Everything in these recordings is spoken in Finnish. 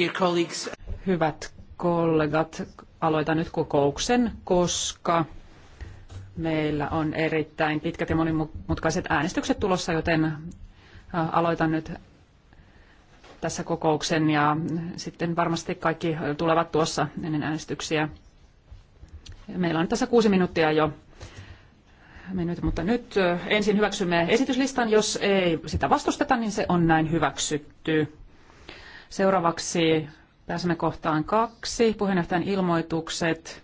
Dear colleagues. Hyvät kollegat, aloitan nyt kokouksen, koska meillä on erittäin pitkät ja monimutkaiset äänestykset tulossa, joten aloitan nyt tässä kokouksen ja sitten varmasti kaikki tulevat tuossa ennen äänestyksiä. Meillä on tässä kuusi minuuttia jo mennyt, mutta nyt ensin hyväksymme esityslistan. Jos ei sitä vastusteta, niin se on näin hyväksytty. Seuraavaksi pääsemme kohtaan kaksi, puheenjohtajan ilmoitukset.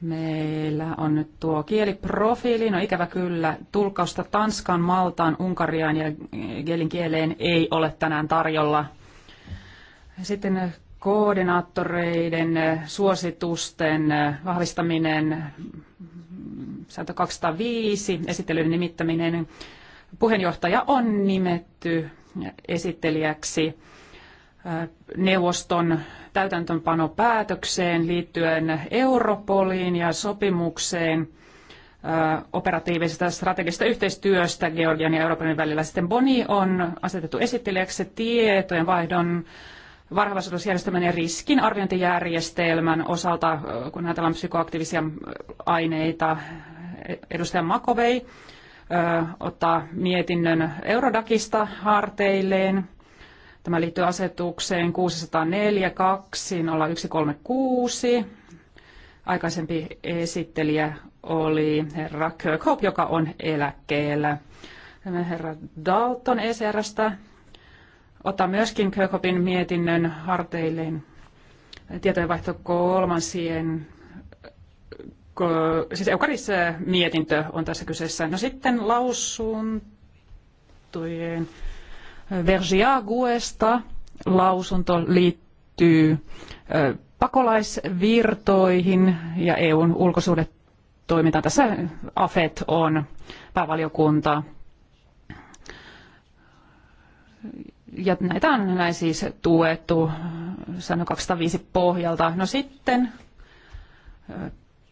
Meillä on nyt tuo kieliprofiili. No ikävä kyllä, tulkausta Tanskan, Maltaan, Unkariaan ja kielin kieleen ei ole tänään tarjolla. Sitten koordinaattoreiden suositusten vahvistaminen, sääntö 205, esittelyiden nimittäminen. Puheenjohtaja on nimetty esittelijäksi neuvoston täytäntöönpanopäätökseen liittyen Europoliin ja sopimukseen operatiivisesta strategisesta yhteistyöstä Georgian ja Euroopan välillä. Sitten Boni on asetettu esittelijäksi tietojen vaihdon varhaisuusjärjestelmän ja riskin arviointijärjestelmän osalta, kun ajatellaan psykoaktiivisia aineita. Edustaja Makovei ottaa mietinnön Eurodakista harteilleen Tämä liittyy asetukseen 604.2.0136. Aikaisempi esittelijä oli herra Kirkhope, joka on eläkkeellä. Herra Dalton ECRstä ottaa myöskin Kirkhopin mietinnön harteilleen tietojenvaihto kolmansien siis Eukaris mietintö on tässä kyseessä. No sitten lausuntojen Vergia lausunto liittyy pakolaisvirtoihin ja EUn ulkosuhdetoimintaan. Tässä AFET on päävaliokunta. Ja näitä on näin siis tuettu sano 205 pohjalta. No sitten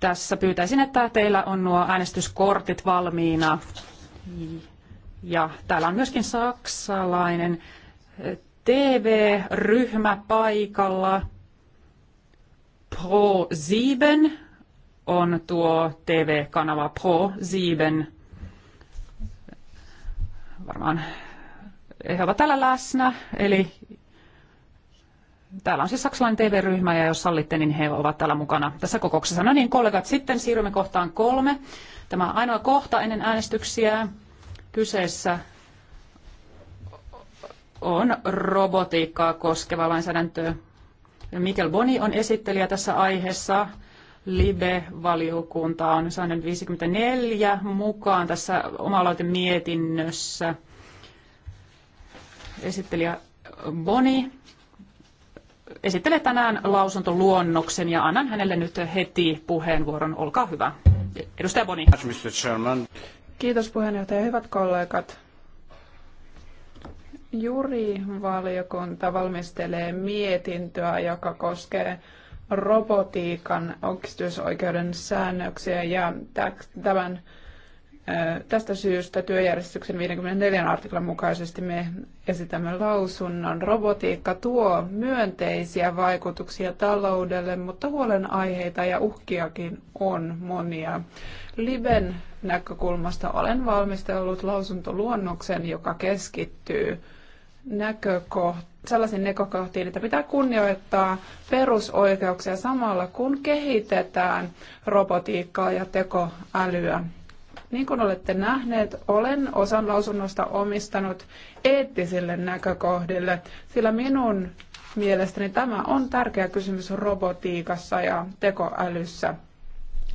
tässä pyytäisin, että teillä on nuo äänestyskortit valmiina. Ja täällä on myöskin saksalainen eh, TV-ryhmä paikalla. Pro 7 on tuo TV-kanava Pro 7. Varmaan he ovat täällä läsnä, eli täällä on siis saksalainen TV-ryhmä ja jos sallitte, niin he ovat täällä mukana tässä kokouksessa. No niin, kollegat, sitten siirrymme kohtaan kolme. Tämä on ainoa kohta ennen äänestyksiä. Kyseessä on robotiikkaa koskeva lainsäädäntö. Mikkel Boni on esittelijä tässä aiheessa. Libe-valiokunta on saanut 54 mukaan tässä oma mietinnössä. Esittelijä Boni esittelee tänään lausuntoluonnoksen ja annan hänelle nyt heti puheenvuoron. Olkaa hyvä. Edustaja Boni. Kiitos puheenjohtaja. Hyvät kollegat. Juuri valiokunta valmistelee mietintöä, joka koskee robotiikan yksityisoikeuden säännöksiä ja tämän Tästä syystä työjärjestyksen 54 artiklan mukaisesti me esitämme lausunnon. Robotiikka tuo myönteisiä vaikutuksia taloudelle, mutta huolenaiheita ja uhkiakin on monia. Liben näkökulmasta olen valmistellut lausuntoluonnoksen, joka keskittyy näkökohtaan sellaisiin näkökohtiin, että pitää kunnioittaa perusoikeuksia samalla, kun kehitetään robotiikkaa ja tekoälyä. Niin kuin olette nähneet, olen osan lausunnosta omistanut eettisille näkökohdille, sillä minun mielestäni tämä on tärkeä kysymys robotiikassa ja tekoälyssä.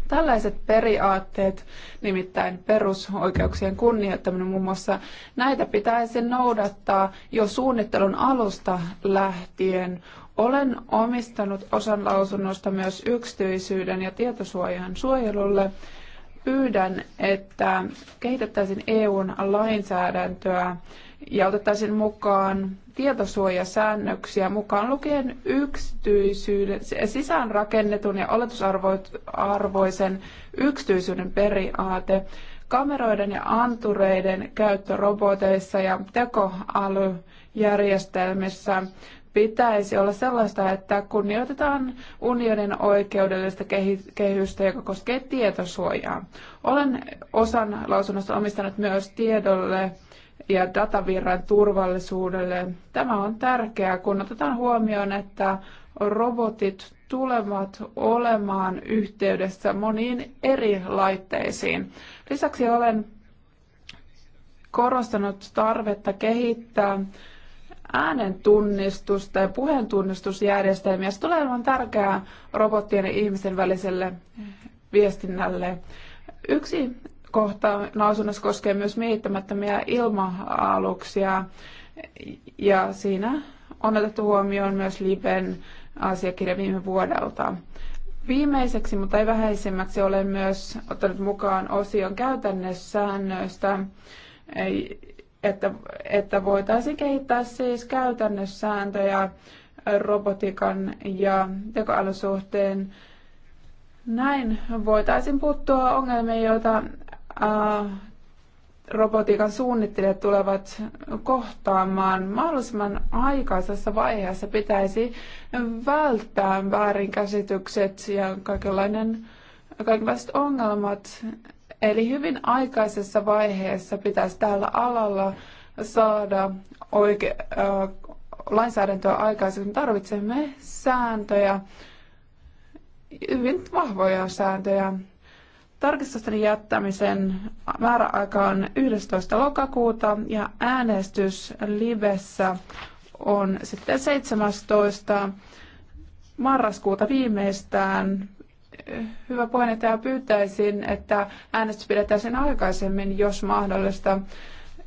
Tällaiset periaatteet, nimittäin perusoikeuksien kunnioittaminen muun muassa, näitä pitäisi noudattaa jo suunnittelun alusta lähtien. Olen omistanut osan lausunnosta myös yksityisyyden ja tietosuojan suojelulle pyydän, että kehitettäisiin EUn lainsäädäntöä ja otettaisiin mukaan tietosuojasäännöksiä, mukaan lukien yksityisyyden, sisäänrakennetun ja oletusarvoisen yksityisyyden periaate, kameroiden ja antureiden käyttö roboteissa ja tekoälyjärjestelmissä, pitäisi olla sellaista, että kunnioitetaan unionin oikeudellista kehystä, joka koskee tietosuojaa. Olen osan lausunnosta omistanut myös tiedolle ja datavirran turvallisuudelle. Tämä on tärkeää, kun otetaan huomioon, että robotit tulevat olemaan yhteydessä moniin eri laitteisiin. Lisäksi olen korostanut tarvetta kehittää äänentunnistus- tai puheentunnistusjärjestelmiä. Se tulee olemaan tärkeää robottien ja ihmisten väliselle viestinnälle. Yksi kohta lausunnossa koskee myös miehittämättömiä ilma-aluksia ja siinä on otettu huomioon myös Liben asiakirja viime vuodelta. Viimeiseksi, mutta ei vähäisemmäksi, olen myös ottanut mukaan osion käytännössäännöistä, että, että voitaisiin kehittää siis käytännössääntöjä robotikan ja tekoälyn suhteen. Näin voitaisiin puuttua ongelmiin, joita ää, äh, robotiikan suunnittelijat tulevat kohtaamaan. Mahdollisimman aikaisessa vaiheessa pitäisi välttää väärinkäsitykset ja kaikenlainen, kaikenlaiset ongelmat Eli hyvin aikaisessa vaiheessa pitäisi tällä alalla saada oike- äh, lainsäädäntöä aikaiseksi. Me tarvitsemme sääntöjä, hyvin vahvoja sääntöjä. Tarkistusten jättämisen määräaika on 11. lokakuuta ja äänestys livessä on sitten 17. marraskuuta viimeistään hyvä puheenjohtaja, pyytäisin, että äänestys pidetään sen aikaisemmin, jos mahdollista,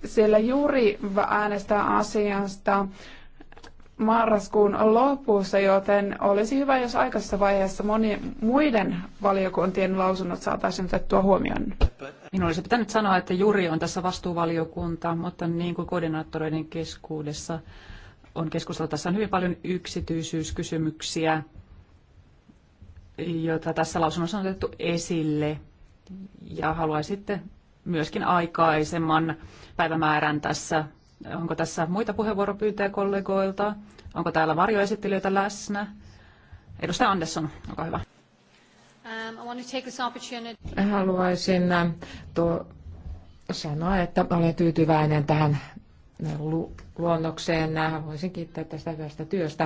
sillä juuri äänestää asiasta marraskuun lopussa, joten olisi hyvä, jos aikaisessa vaiheessa moni muiden valiokuntien lausunnot saataisiin otettua huomioon. Minun olisi pitänyt sanoa, että juuri on tässä vastuuvaliokunta, mutta niin kuin koordinaattoreiden keskuudessa on keskusteltu, tässä on hyvin paljon yksityisyyskysymyksiä jota tässä lausunnossa on otettu esille. Ja haluaisitte myöskin aikaisemman päivämäärän tässä. Onko tässä muita puheenvuoropyyntöjä kollegoilta? Onko täällä varjoesittelijöitä läsnä? Edustaja Andersson, olkaa hyvä. Um, Haluaisin äh, tuo sanoa, että olen tyytyväinen tähän luonnokseen. Haluaisin kiittää tästä hyvästä työstä.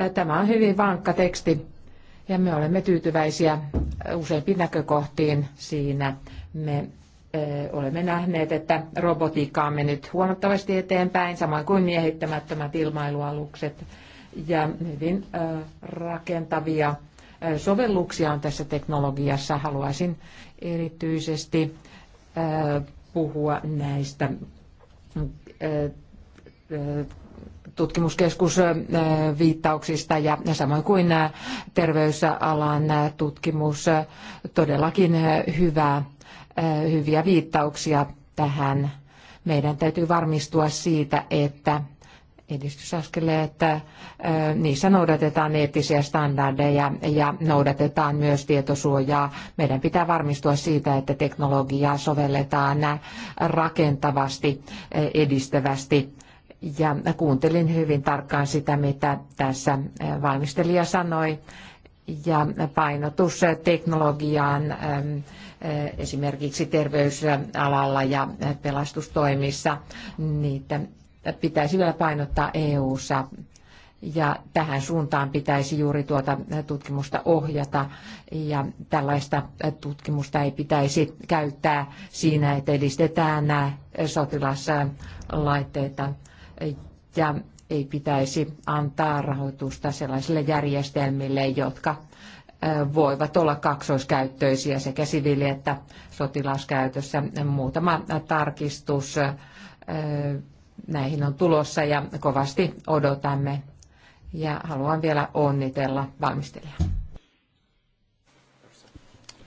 Äh, tämä on hyvin vankka teksti ja me olemme tyytyväisiä useimpiin näkökohtiin siinä. Me olemme nähneet, että robotiikka on mennyt huomattavasti eteenpäin, samoin kuin miehittämättömät ilmailualukset ja hyvin rakentavia sovelluksia on tässä teknologiassa. Haluaisin erityisesti puhua näistä tutkimuskeskus äh, viittauksista ja samoin kuin äh, terveysalan äh, tutkimus todellakin hyvää, hyviä viittauksia tähän. Meidän täytyy varmistua siitä, että edistysaskeleet, että niissä noudatetaan eettisiä standardeja ja noudatetaan myös tietosuojaa. Meidän pitää varmistua siitä, että teknologiaa sovelletaan rakentavasti, edistävästi ja kuuntelin hyvin tarkkaan sitä, mitä tässä valmistelija sanoi. Ja painotus teknologiaan esimerkiksi terveysalalla ja pelastustoimissa, niitä pitäisi vielä painottaa EU-ssa. Ja tähän suuntaan pitäisi juuri tuota tutkimusta ohjata ja tällaista tutkimusta ei pitäisi käyttää siinä, että edistetään nämä sotilaslaitteita ja ei pitäisi antaa rahoitusta sellaisille järjestelmille, jotka voivat olla kaksoiskäyttöisiä sekä siviili- että sotilaskäytössä. Muutama tarkistus näihin on tulossa ja kovasti odotamme. Ja haluan vielä onnitella valmistelijaa.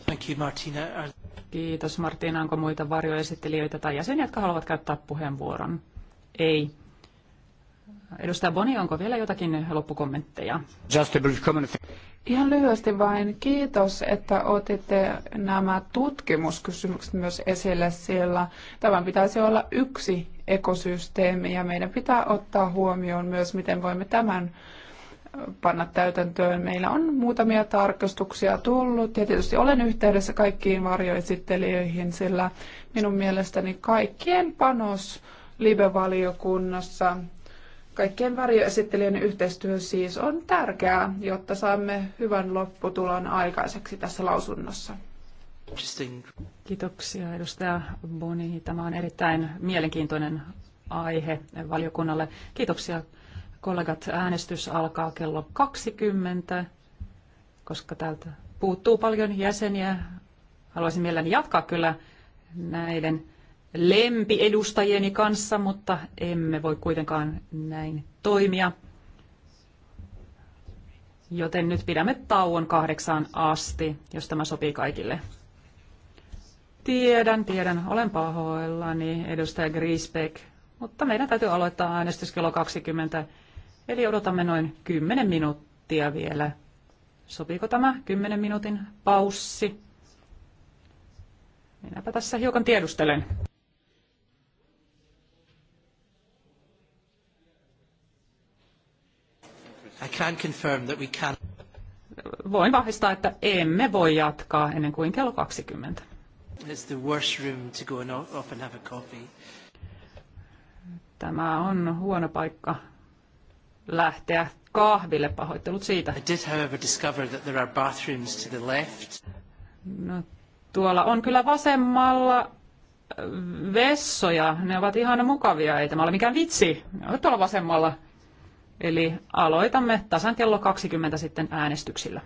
Thank you, Martina. Kiitos Martina. Onko muita varjoesittelijöitä tai jäseniä, jotka haluavat käyttää puheenvuoron? Ei. Edustaja Boni, onko vielä jotakin loppukommentteja? Just a brief comment. Ihan lyhyesti vain kiitos, että otitte nämä tutkimuskysymykset myös esille, siellä. tämän pitäisi olla yksi ekosysteemi ja meidän pitää ottaa huomioon myös, miten voimme tämän panna täytäntöön. Meillä on muutamia tarkastuksia tullut ja tietysti olen yhteydessä kaikkiin varjoesittelijöihin, sillä minun mielestäni kaikkien panos live-valiokunnassa Kaikkien varjoesittelijöiden yhteistyö siis on tärkeää, jotta saamme hyvän lopputulon aikaiseksi tässä lausunnossa. Kiitoksia edustaja Boni. Tämä on erittäin mielenkiintoinen aihe valiokunnalle. Kiitoksia kollegat. Äänestys alkaa kello 20, koska täältä puuttuu paljon jäseniä. Haluaisin mielelläni jatkaa kyllä näiden lempiedustajieni kanssa, mutta emme voi kuitenkaan näin toimia. Joten nyt pidämme tauon kahdeksaan asti, jos tämä sopii kaikille. Tiedän, tiedän, olen pahoillani, edustaja Griesbeck, mutta meidän täytyy aloittaa äänestys kello 20, eli odotamme noin 10 minuuttia vielä. Sopiiko tämä 10 minuutin paussi? Minäpä tässä hiukan tiedustelen. I can confirm that we can. Voin vahvistaa, että emme voi jatkaa ennen kuin kello 20. It's the worst room to go and off and have a coffee. Tämä on huono paikka lähteä kahville. Pahoittelut siitä. I did, however, discover that there are bathrooms to the left. No, tuolla on kyllä vasemmalla äh, vessoja. Ne ovat ihan mukavia. Ei tämä ole mikään vitsi. Ne ovat tuolla vasemmalla. Eli aloitamme tasan kello 20 sitten äänestyksillä.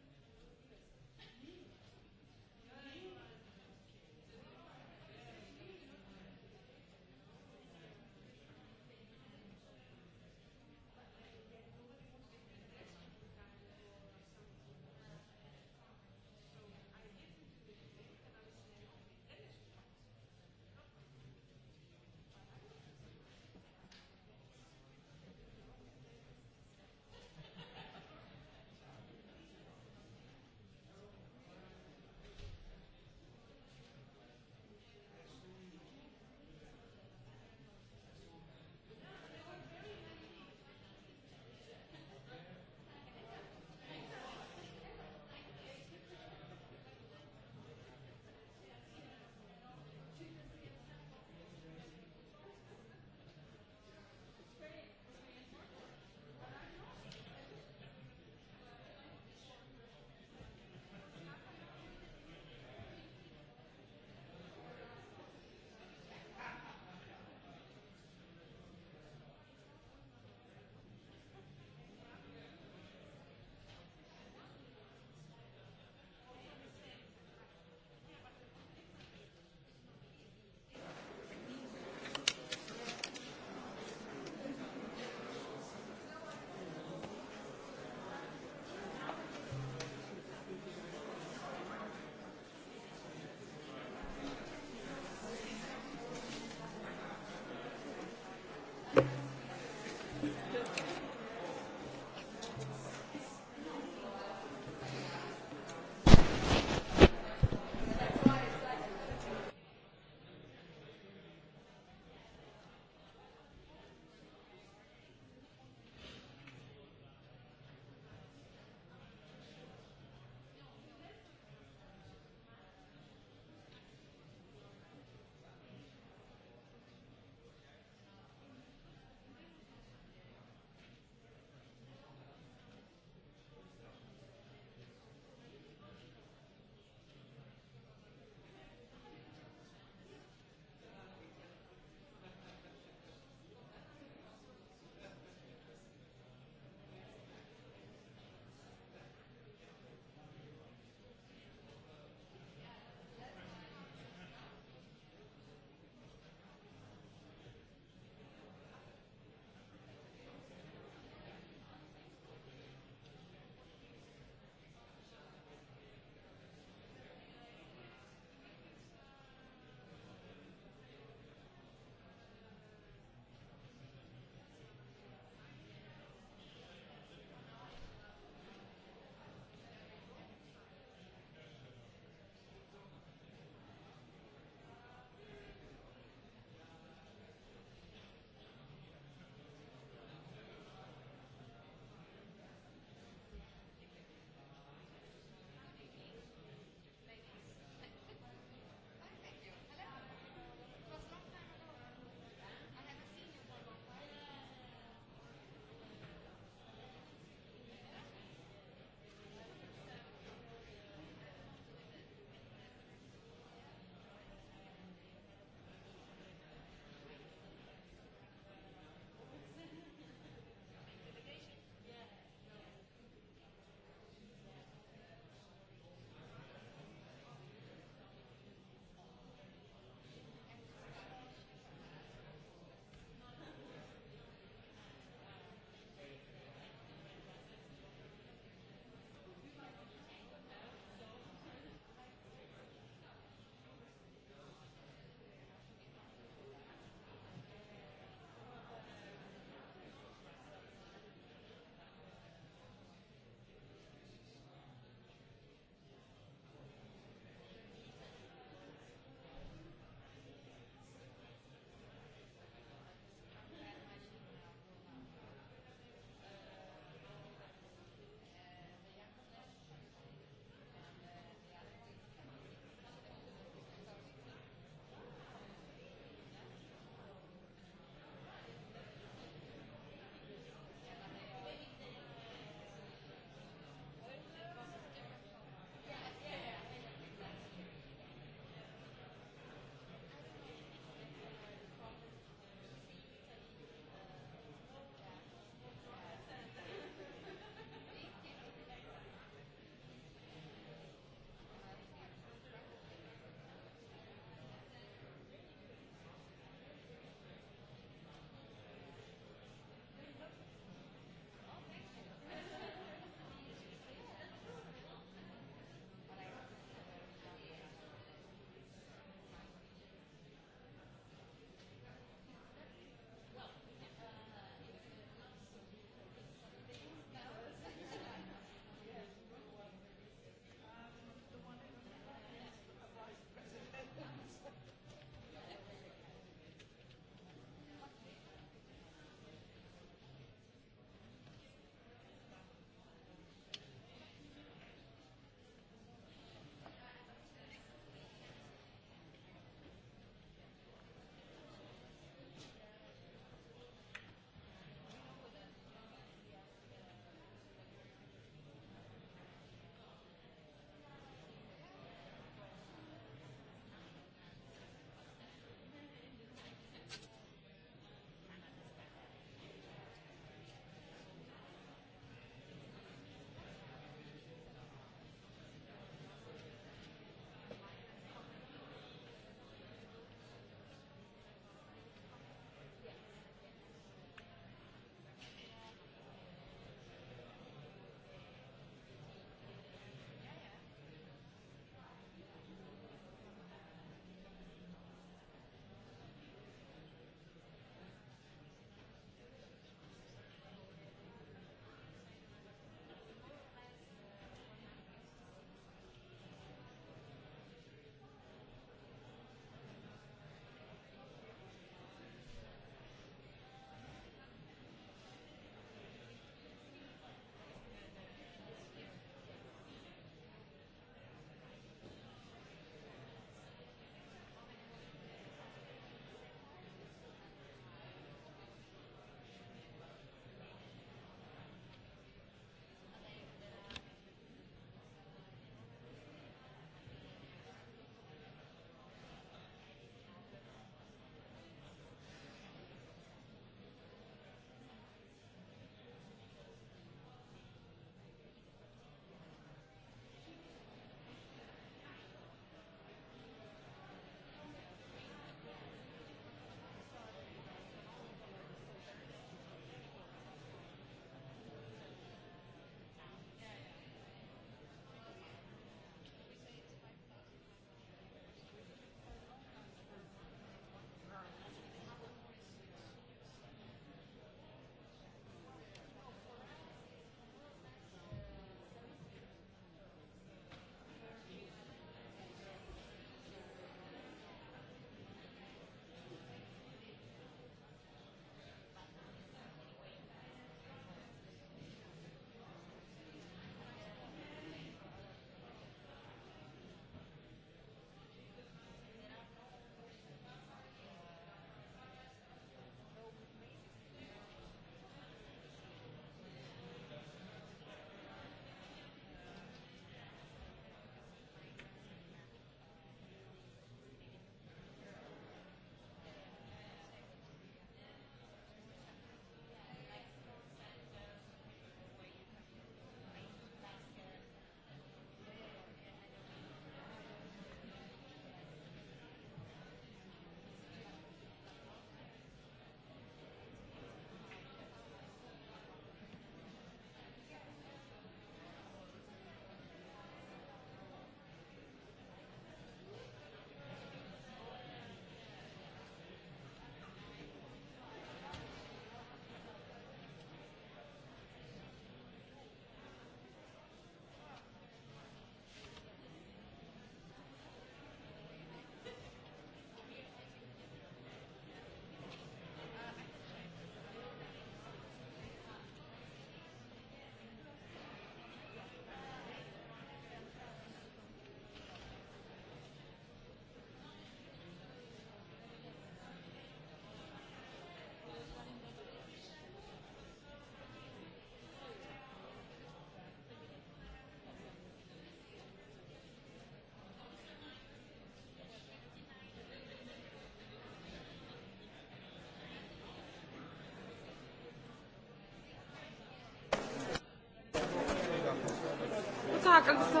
No tak, ale to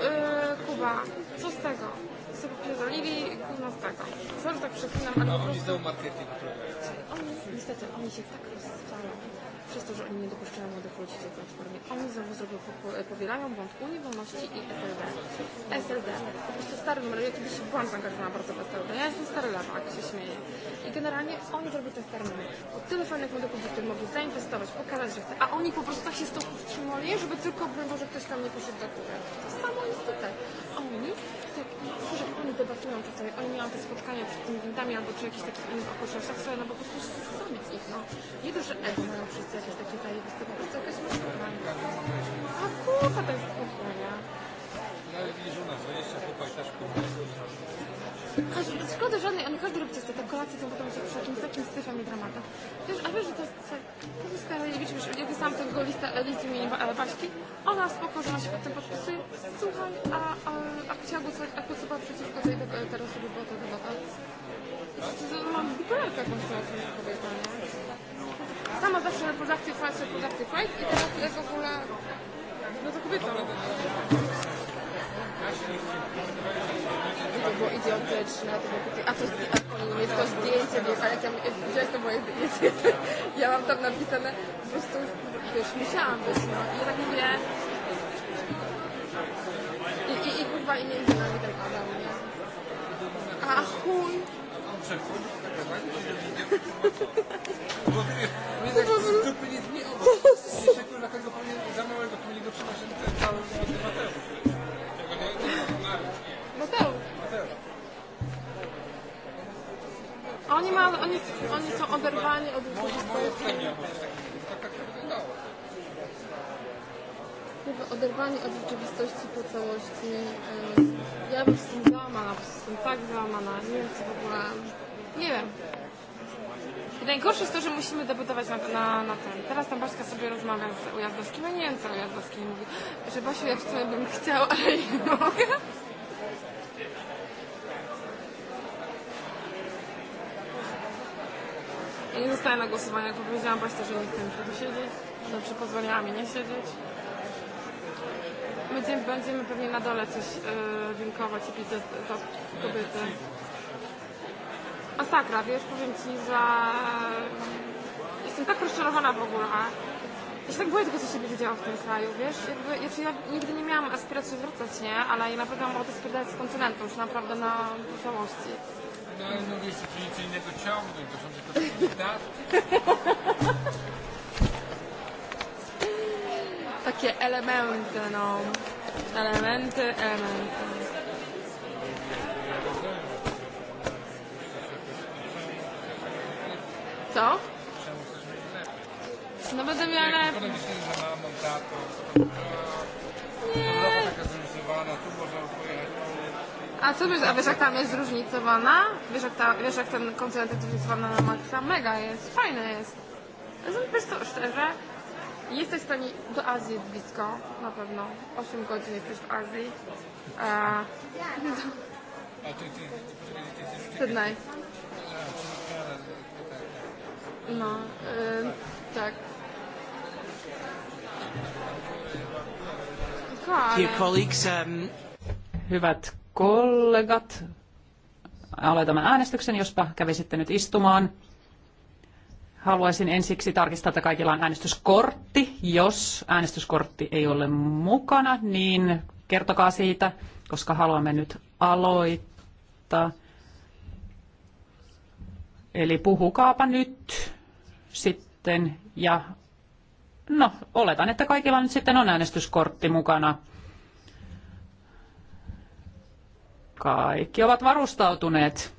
yy, Kuba, co z tego? Co popierdolili, gówno z tego. Sorry, tak przeklinam, ale no, po prostu... Oni zdoł marketing. Oni, niestety, oni się tak rozstrzelają przez to, że oni nie dopuszczają młodych ludzi w tej platformie. Oni znowu zrobią, powielają błąd Unii Wolności i SLD. SLD, po prostu stary numer, ja kiedyś byłam zaangażowana bardzo w SLD, ja jestem stary lewak, się śmieję. I generalnie oni zrobią ten stary numer. Bo tyle fajnych młodych ludzi, którzy mogli zainwestować, pokazać, że chce, a oni po prostu tak się z tą żeby tylko, broń Boże, ktoś tam nie poszedł do góry. To samo jest tutaj. Oni tak szczerze oni debatują tutaj, oni mają te spotkania przed tymi windami albo przy jakichś takich innych okolicznościach, sobie no po prostu zabić ich, no. Nie to, że ego mają wszyscy jakieś takie zajebiste, po prostu jakaś maszyna. A kurwa to jest spokojnie. No ale widzisz u nas, 20 chłopak też kurwa. Szkoda żadnej, on każdy robi ciasto, te kolacje są potem przy jakimś takim syfem i dramatem. Wiesz, a wiesz, że to jest tak... To pozostałe, wiesz, wiesz, ja sam tego lista, list imienia Baśki, ona spoko, że ona się potem podpisuje, słuchaj, a, a, a chciała głosować, a głosowała przeciwko tej tego, e, teraz sobie była ta debata. Mam bipolarkę jakąś teraz, tym powiedzieć, nie? Sama zawsze reproductive rights, reproductive rights i teraz w ogóle, no to kobieta. Bo idiotyczne, a to jest to zdjęcie, wiesz, ale tam widziałeś to moje zdjęcie. Ja mam tam napisane, po prostu, wiesz, musiałam być, no. I tak mówię... I, i, i kurwa, i nie idzie na mnie ten Adam, nie? A chuj! Bo wiesz, my tak stupy nie zmieniamy. Jeszcze kurwa, tego powinien za małego, powinien go trzymać Oni, ma, oni, oni są oderwani od ludzi Jakby oderwani od rzeczywistości po całości. E, ja bym jestem załamana, jestem tak załamana. Nie wiem, co w ogóle... Nie wiem. I najgorsze jest to, że musimy debutować na, na, na ten. Teraz tam Baśka sobie rozmawia z Ujazdowskim, a no nie wiem, co Ujazdowski mówi. Że Basiu, ja w sumie bym chciał, ale nie mogę. I nie zostaję na głosowanie, tylko powiedziałam Państwu, że nie chcę tu siedzieć, że przy pozwoliła mi nie siedzieć. Będziemy, będziemy pewnie na dole coś yy, e, winkować i pić to kobiety. Masakra, wiesz, powiem Ci, że jestem tak rozczarowana w ogóle. Ja się tak boję tego, co się będzie działo w tym kraju, wiesz? Jakby, ja, ja nigdy nie miałam aspiracji wracać, nie? Ale ja naprawdę mam ochotę sprzedać z kontynentu, już naprawdę na całości. No ale mówisz, że nic innego ciągną, to są tylko Takie elementy, no. Elementy, elementy. Co? No będę miała lepiej. Nie, nie, nie, nie, Nie. nie, nie, nie, nie, nie, A co wiesz, a wiesz jak tam jest zróżnicowana? Wiesz jak, ta, wiesz jak ten kontynent jest zróżnicowany na maksa? Mega jest, fajne jest. Wiesz to szczerze, jesteś w stanie, do Azji jest blisko, na pewno. 8 godzin jesteś w Azji. A, ty, ty, ty, No, y, tak. Dear colleagues, um... Hyvät kollegat, aloitamme äänestyksen, jospa kävisitte nyt istumaan. Haluaisin ensiksi tarkistaa, että kaikilla on äänestyskortti. Jos äänestyskortti ei ole mukana, niin kertokaa siitä, koska haluamme nyt aloittaa. Eli puhukaapa nyt sitten ja no oletan, että kaikilla nyt sitten on äänestyskortti mukana. Kaikki ovat varustautuneet.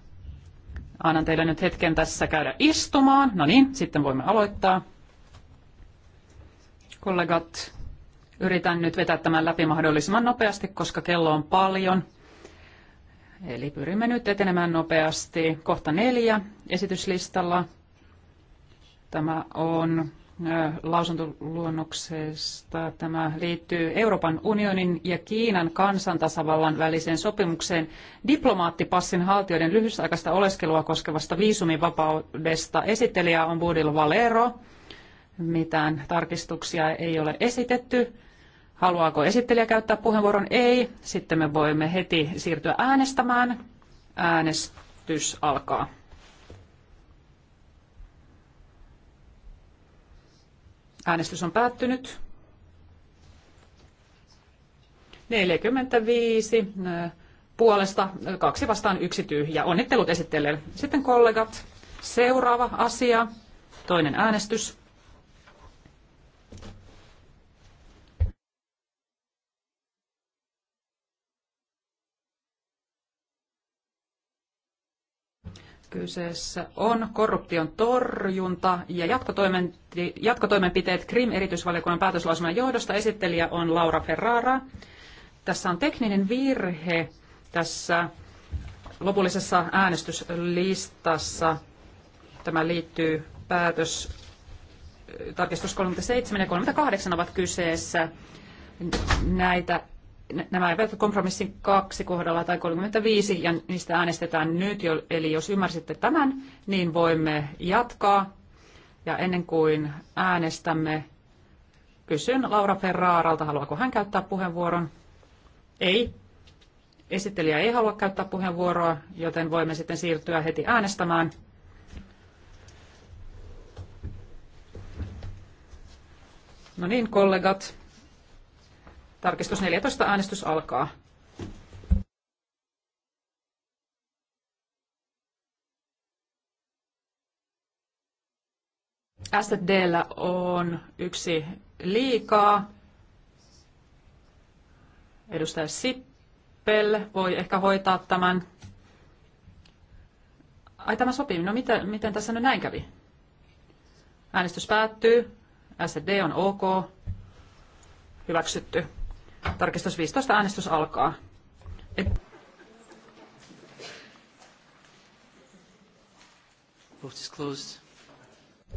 Annan teille nyt hetken tässä käydä istumaan. No niin, sitten voimme aloittaa. Kollegat, yritän nyt vetää tämän läpi mahdollisimman nopeasti, koska kello on paljon. Eli pyrimme nyt etenemään nopeasti. Kohta neljä esityslistalla. Tämä on lausuntoluonnoksesta. Tämä liittyy Euroopan unionin ja Kiinan kansantasavallan väliseen sopimukseen diplomaattipassin haltijoiden lyhytaikaista oleskelua koskevasta viisumivapaudesta. Esittelijä on Budil Valero. Mitään tarkistuksia ei ole esitetty. Haluaako esittelijä käyttää puheenvuoron? Ei. Sitten me voimme heti siirtyä äänestämään. Äänestys alkaa. Äänestys on päättynyt. 45 äh, puolesta, äh, kaksi vastaan yksi tyhjä. Onnittelut esittelijälle. Sitten kollegat, seuraava asia, toinen äänestys. Kyseessä on korruption torjunta ja jatkotoimenpiteet Krim-erityisvaliokunnan päätöslausuman johdosta. Esittelijä on Laura Ferrara. Tässä on tekninen virhe tässä lopullisessa äänestyslistassa. Tämä liittyy päätös tarkistus 37 ja 38 ovat kyseessä. Näitä nämä eivät kompromissin kaksi kohdalla tai 35 ja niistä äänestetään nyt. Jo, eli jos ymmärsitte tämän, niin voimme jatkaa. Ja ennen kuin äänestämme, kysyn Laura Ferraaralta, haluaako hän käyttää puheenvuoron? Ei. Esittelijä ei halua käyttää puheenvuoroa, joten voimme sitten siirtyä heti äänestämään. No niin, kollegat. Tarkistus 14. Äänestys alkaa. SDllä on yksi liikaa. Edustaja Sippel voi ehkä hoitaa tämän. Ai tämä sopii. No miten, miten tässä nyt näin kävi? Äänestys päättyy. SD on ok. Hyväksytty. Tarkistus 15. Äänestys alkaa. Et... Vote is closed.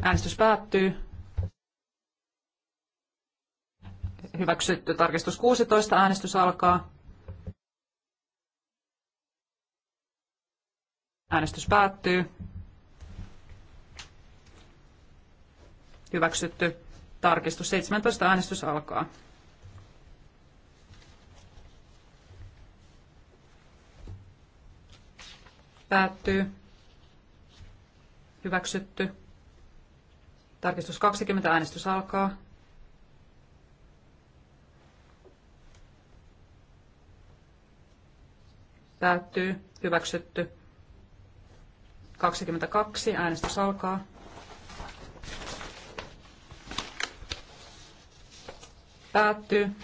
Äänestys päättyy. Hyväksytty. Tarkistus 16. Äänestys alkaa. Äänestys päättyy. Hyväksytty. Tarkistus 17. Äänestys alkaa. päättyy. Hyväksytty. Tarkistus 20. Äänestys alkaa. Päättyy. Hyväksytty. 22. Äänestys alkaa. Päättyy.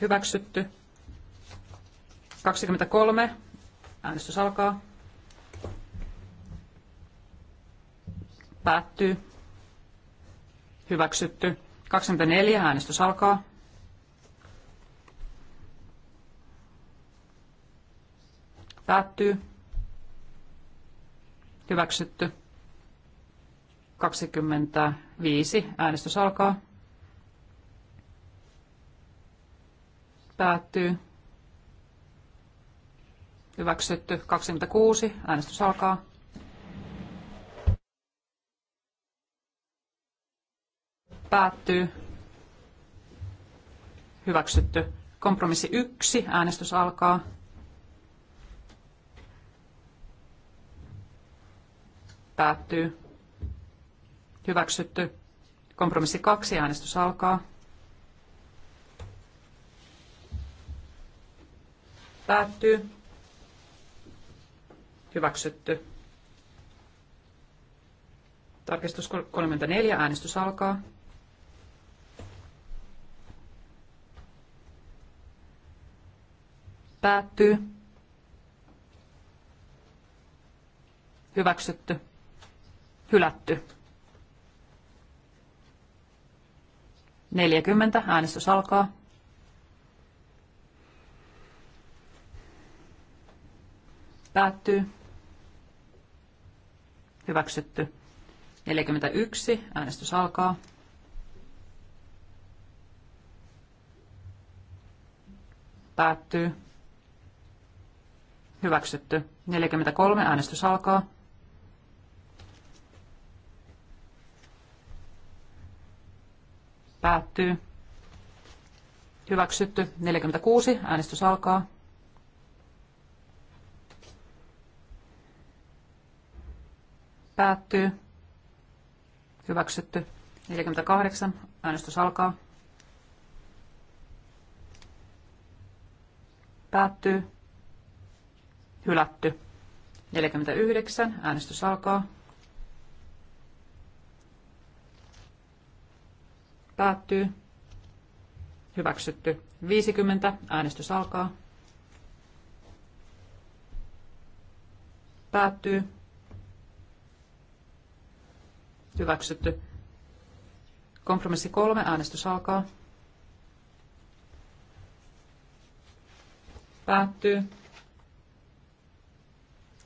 Hyväksytty. 23. Äänestys alkaa. Päättyy. Hyväksytty. 24. Äänestys alkaa. Päättyy. Hyväksytty. 25. Äänestys alkaa. Päättyy. Hyväksytty 26. Äänestys alkaa. Päättyy. Hyväksytty. Kompromissi 1. Äänestys alkaa. Päättyy. Hyväksytty. Kompromissi 2. Äänestys alkaa. Päättyy. Hyväksytty. Tarkistus 34. Äänestys alkaa. Päättyy. Hyväksytty. Hylätty. 40. Äänestys alkaa. Päättyy. Hyväksytty. 41. Äänestys alkaa. Päättyy. Hyväksytty. 43. Äänestys alkaa. Päättyy. Hyväksytty. 46. Äänestys alkaa. päättyy. Hyväksytty. 48. Äänestys alkaa. Päättyy. Hylätty. 49. Äänestys alkaa. Päättyy. Hyväksytty. 50. Äänestys alkaa. Päättyy. Hyväksytty. Kompromissi kolme. Äänestys alkaa. Päättyy.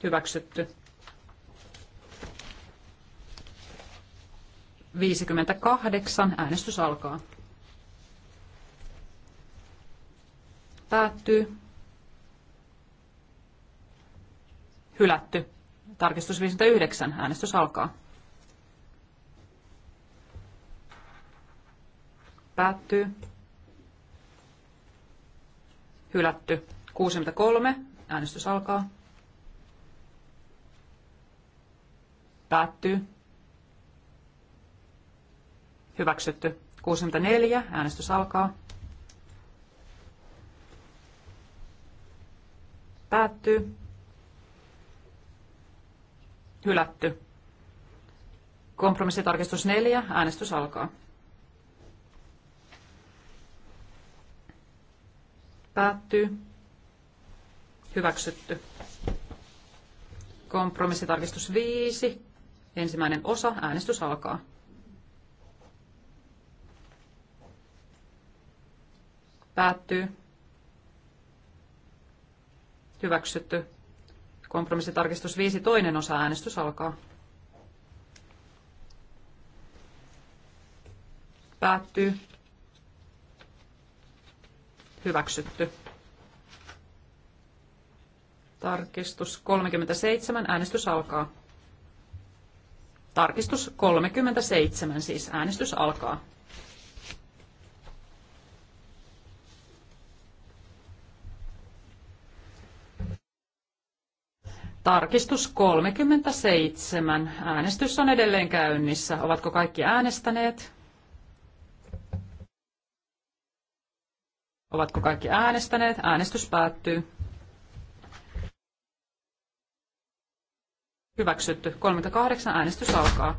Hyväksytty. 58. Äänestys alkaa. Päättyy. Hylätty. Tarkistus 59. Äänestys alkaa. Päättyy. Hylätty. 63. Äänestys alkaa. Päättyy. Hyväksytty. 64. Äänestys alkaa. Päättyy. Hylätty. Kompromissitarkistus 4. Äänestys alkaa. Päättyy. Hyväksytty. Kompromissitarkistus 5. Ensimmäinen osa. Äänestys alkaa. Päättyy. Hyväksytty. Kompromissitarkistus 5. Toinen osa. Äänestys alkaa. Päättyy. Hyväksytty. Tarkistus 37. Äänestys alkaa. Tarkistus 37, siis äänestys alkaa. Tarkistus 37. Äänestys on edelleen käynnissä. Ovatko kaikki äänestäneet? Ovatko kaikki äänestäneet? Äänestys päättyy. Hyväksytty. 38. Äänestys alkaa.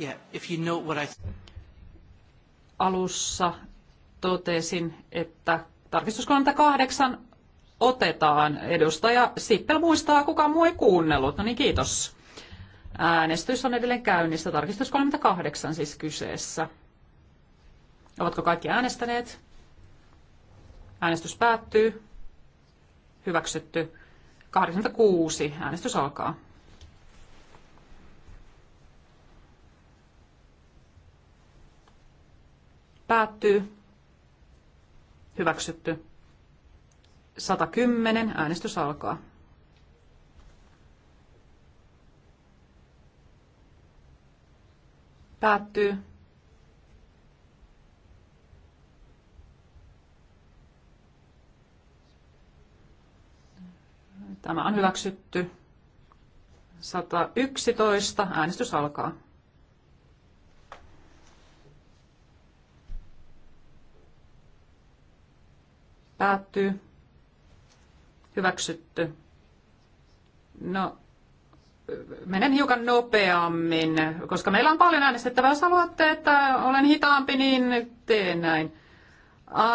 Yeah, if you know what I... Alussa totesin, että tarkistus kahdeksan otetaan. Edustaja Sippel muistaa, kuka muu ei kuunnellut. No niin, kiitos. Äänestys on edelleen käynnissä. Tarkistus 38 siis kyseessä. Ovatko kaikki äänestäneet? Äänestys päättyy. Hyväksytty. 86. Äänestys alkaa. Päättyy. Hyväksytty. 110. Äänestys alkaa. Päättyy. Tämä on hyväksytty. 111. Äänestys alkaa. Päättyy. Hyväksytty. No, menen hiukan nopeammin, koska meillä on paljon äänestettävää. Jos haluatte, että olen hitaampi, niin teen näin.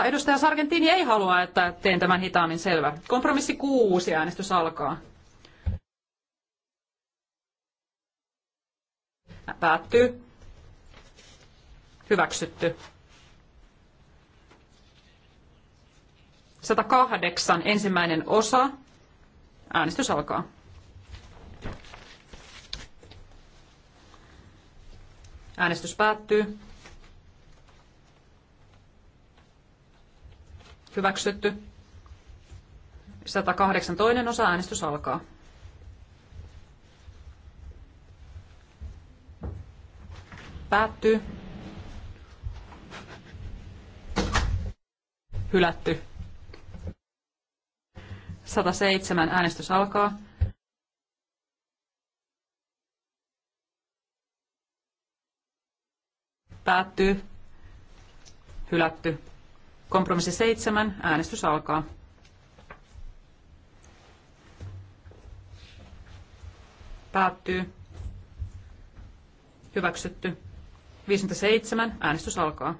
Edustaja Sargentini ei halua, että teen tämän hitaammin selvä. Kompromissi kuusi äänestys alkaa. Päättyy. Hyväksytty. 108 ensimmäinen osa. Äänestys alkaa. Äänestys päättyy. Hyväksytty. 108 toinen osa. Äänestys alkaa. Päättyy. Hylätty. 107 äänestys alkaa. Päättyy. Hylätty. Kompromissi 7. Äänestys alkaa. Päättyy. Hyväksytty. 57. Äänestys alkaa.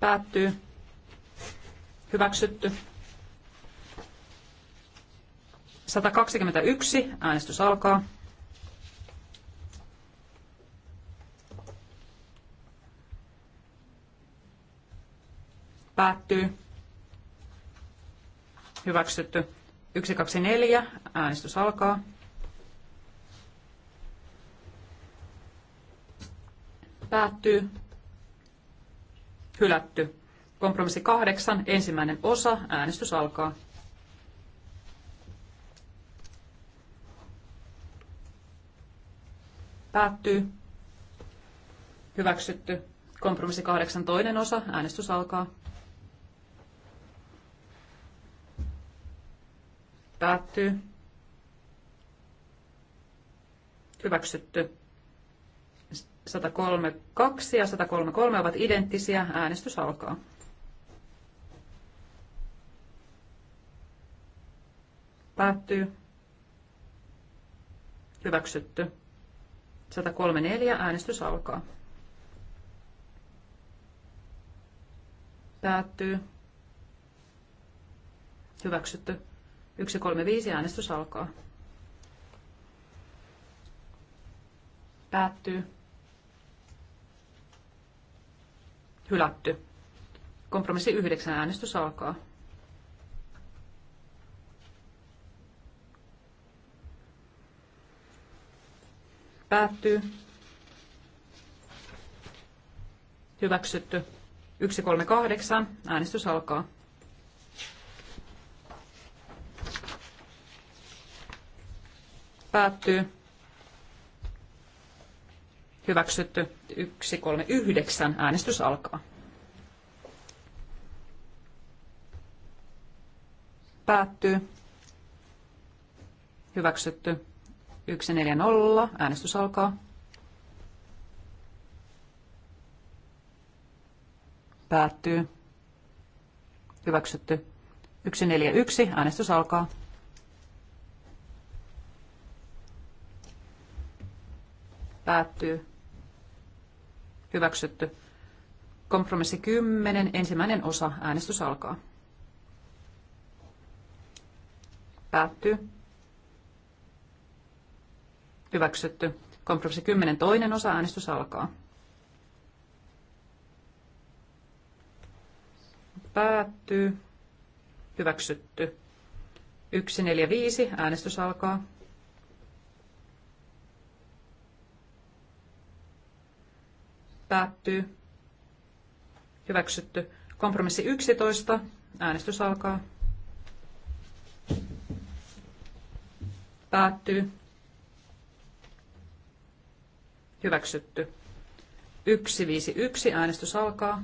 Päättyy. Hyväksytty. 121. Äänestys alkaa. Päättyy. Hyväksytty. 124. Äänestys alkaa. Päättyy hylätty. Kompromissi kahdeksan, ensimmäinen osa, äänestys alkaa. Päättyy. Hyväksytty. Kompromissi kahdeksan toinen osa, äänestys alkaa. Päättyy. Hyväksytty. 132 ja 133 ovat identtisiä. Äänestys alkaa. Päättyy. Hyväksytty. 134. Äänestys alkaa. Päättyy. Hyväksytty. 135. Äänestys alkaa. Päättyy Hylätty. Kompromissi 9. Äänestys alkaa. Päättyy. Hyväksytty. 138. Äänestys alkaa. Päättyy hyväksytty 139. Äänestys alkaa. Päättyy. Hyväksytty 140. Äänestys alkaa. Päättyy. Hyväksytty 141. Äänestys alkaa. Päättyy Hyväksytty. Kompromissi 10. Ensimmäinen osa. Äänestys alkaa. Päättyy. Hyväksytty. Kompromissi 10. Toinen osa. Äänestys alkaa. Päättyy. Hyväksytty. 1, 4, 5, Äänestys alkaa. Päättyy. Hyväksytty. Kompromissi 11. Äänestys alkaa. Päättyy. Hyväksytty. 151. Äänestys alkaa.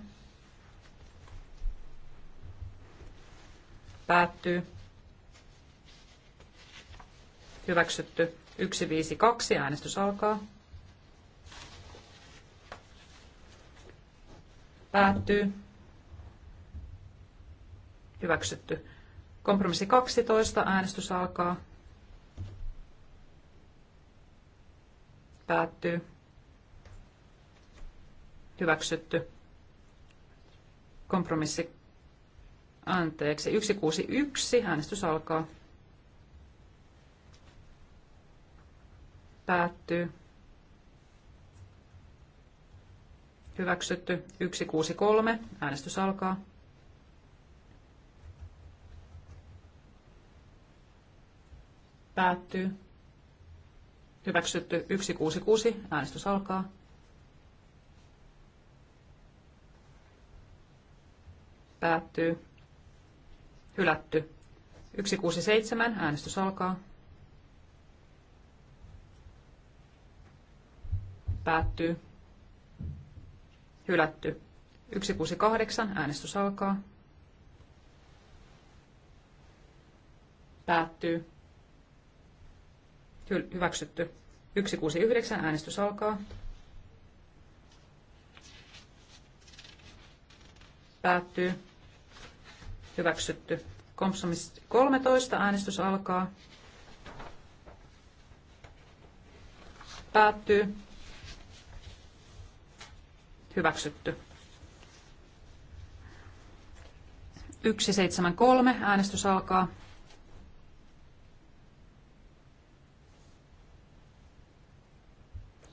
Päättyy. Hyväksytty. 152. Äänestys alkaa. Päättyy. Hyväksytty. Kompromissi 12. Äänestys alkaa. Päättyy. Hyväksytty. Kompromissi. Anteeksi. 161. Äänestys alkaa. Päättyy. Hyväksytty 163. Äänestys alkaa. Päättyy. Hyväksytty 166. Äänestys alkaa. Päättyy. Hylätty. 167. Äänestys alkaa. Päättyy. Hylätty. 168. Äänestys alkaa. Päättyy. Hy- hyväksytty. 169. Äänestys alkaa. Päättyy. Hyväksytty. Kompromissi 13. Äänestys alkaa. Päättyy. Hyväksytty. 173. Äänestys alkaa.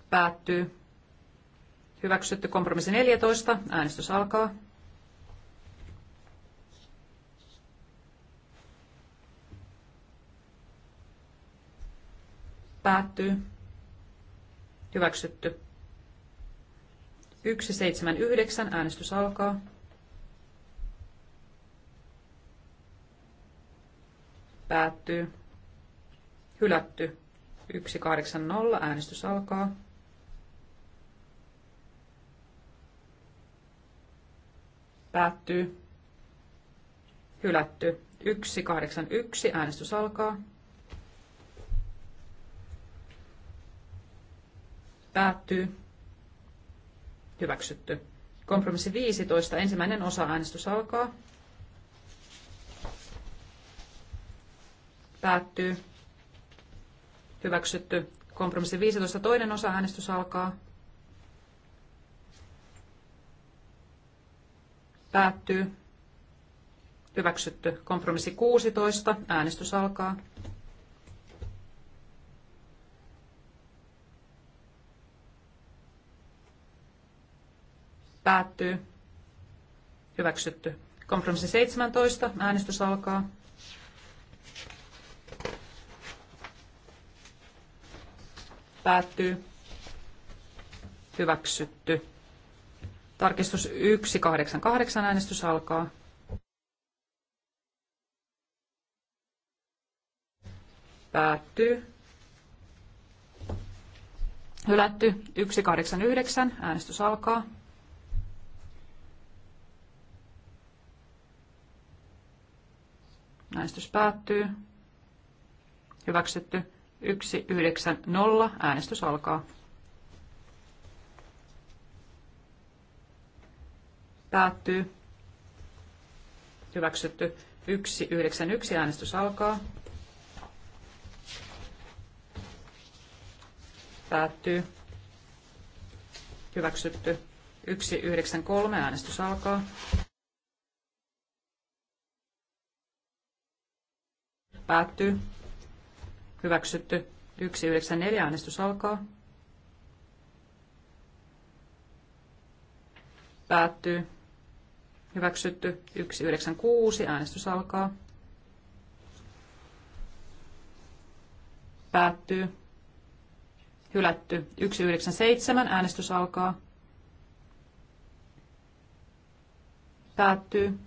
Päättyy. Hyväksytty kompromissi 14. Äänestys alkaa. Päättyy. Hyväksytty. 179. Äänestys alkaa. Päättyy. Hylätty. 180. Äänestys alkaa. Päättyy. Hylätty. 181. Äänestys alkaa. Päättyy Hyväksytty. Kompromissi 15. Ensimmäinen osa äänestys alkaa. Päättyy. Hyväksytty. Kompromissi 15. Toinen osa äänestys alkaa. Päättyy. Hyväksytty. Kompromissi 16. Äänestys alkaa. Päättyy. Hyväksytty. Kompromissi 17. Äänestys alkaa. Päättyy. Hyväksytty. Tarkistus 188. Äänestys alkaa. Päättyy. Hylätty 189. Äänestys alkaa. Äänestys päättyy. Hyväksytty. 190. Äänestys alkaa. Päättyy. Hyväksytty. 191. Äänestys alkaa. Päättyy. Hyväksytty. 193. Äänestys alkaa. Päättyy. Hyväksytty. 194 äänestys alkaa. Päättyy. Hyväksytty. 196 äänestys alkaa. Päättyy. Hylätty. 197 äänestys alkaa. Päättyy.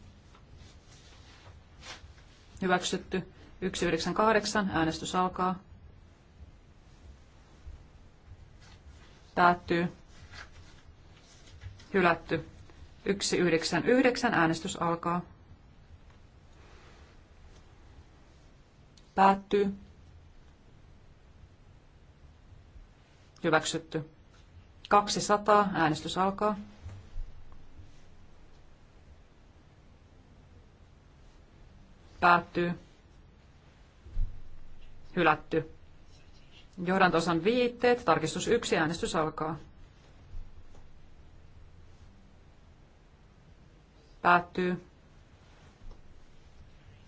Hyväksytty. 198. Äänestys alkaa. Päättyy. Hylätty. 199. Äänestys alkaa. Päättyy. Hyväksytty. 200. Äänestys alkaa. Päättyy hylätty. Johdantosan viitteet, tarkistus yksi, äänestys alkaa. Päättyy.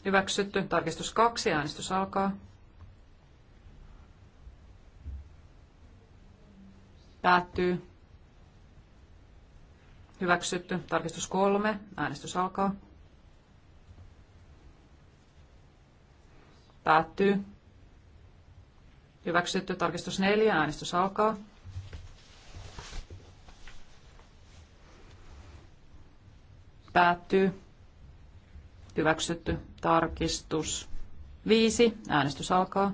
Hyväksytty. Tarkistus kaksi, äänestys alkaa. Päättyy. Hyväksytty. Tarkistus kolme, äänestys alkaa. Päättyy. Hyväksytty tarkistus 4. Äänestys alkaa. Päättyy. Hyväksytty tarkistus 5. Äänestys alkaa.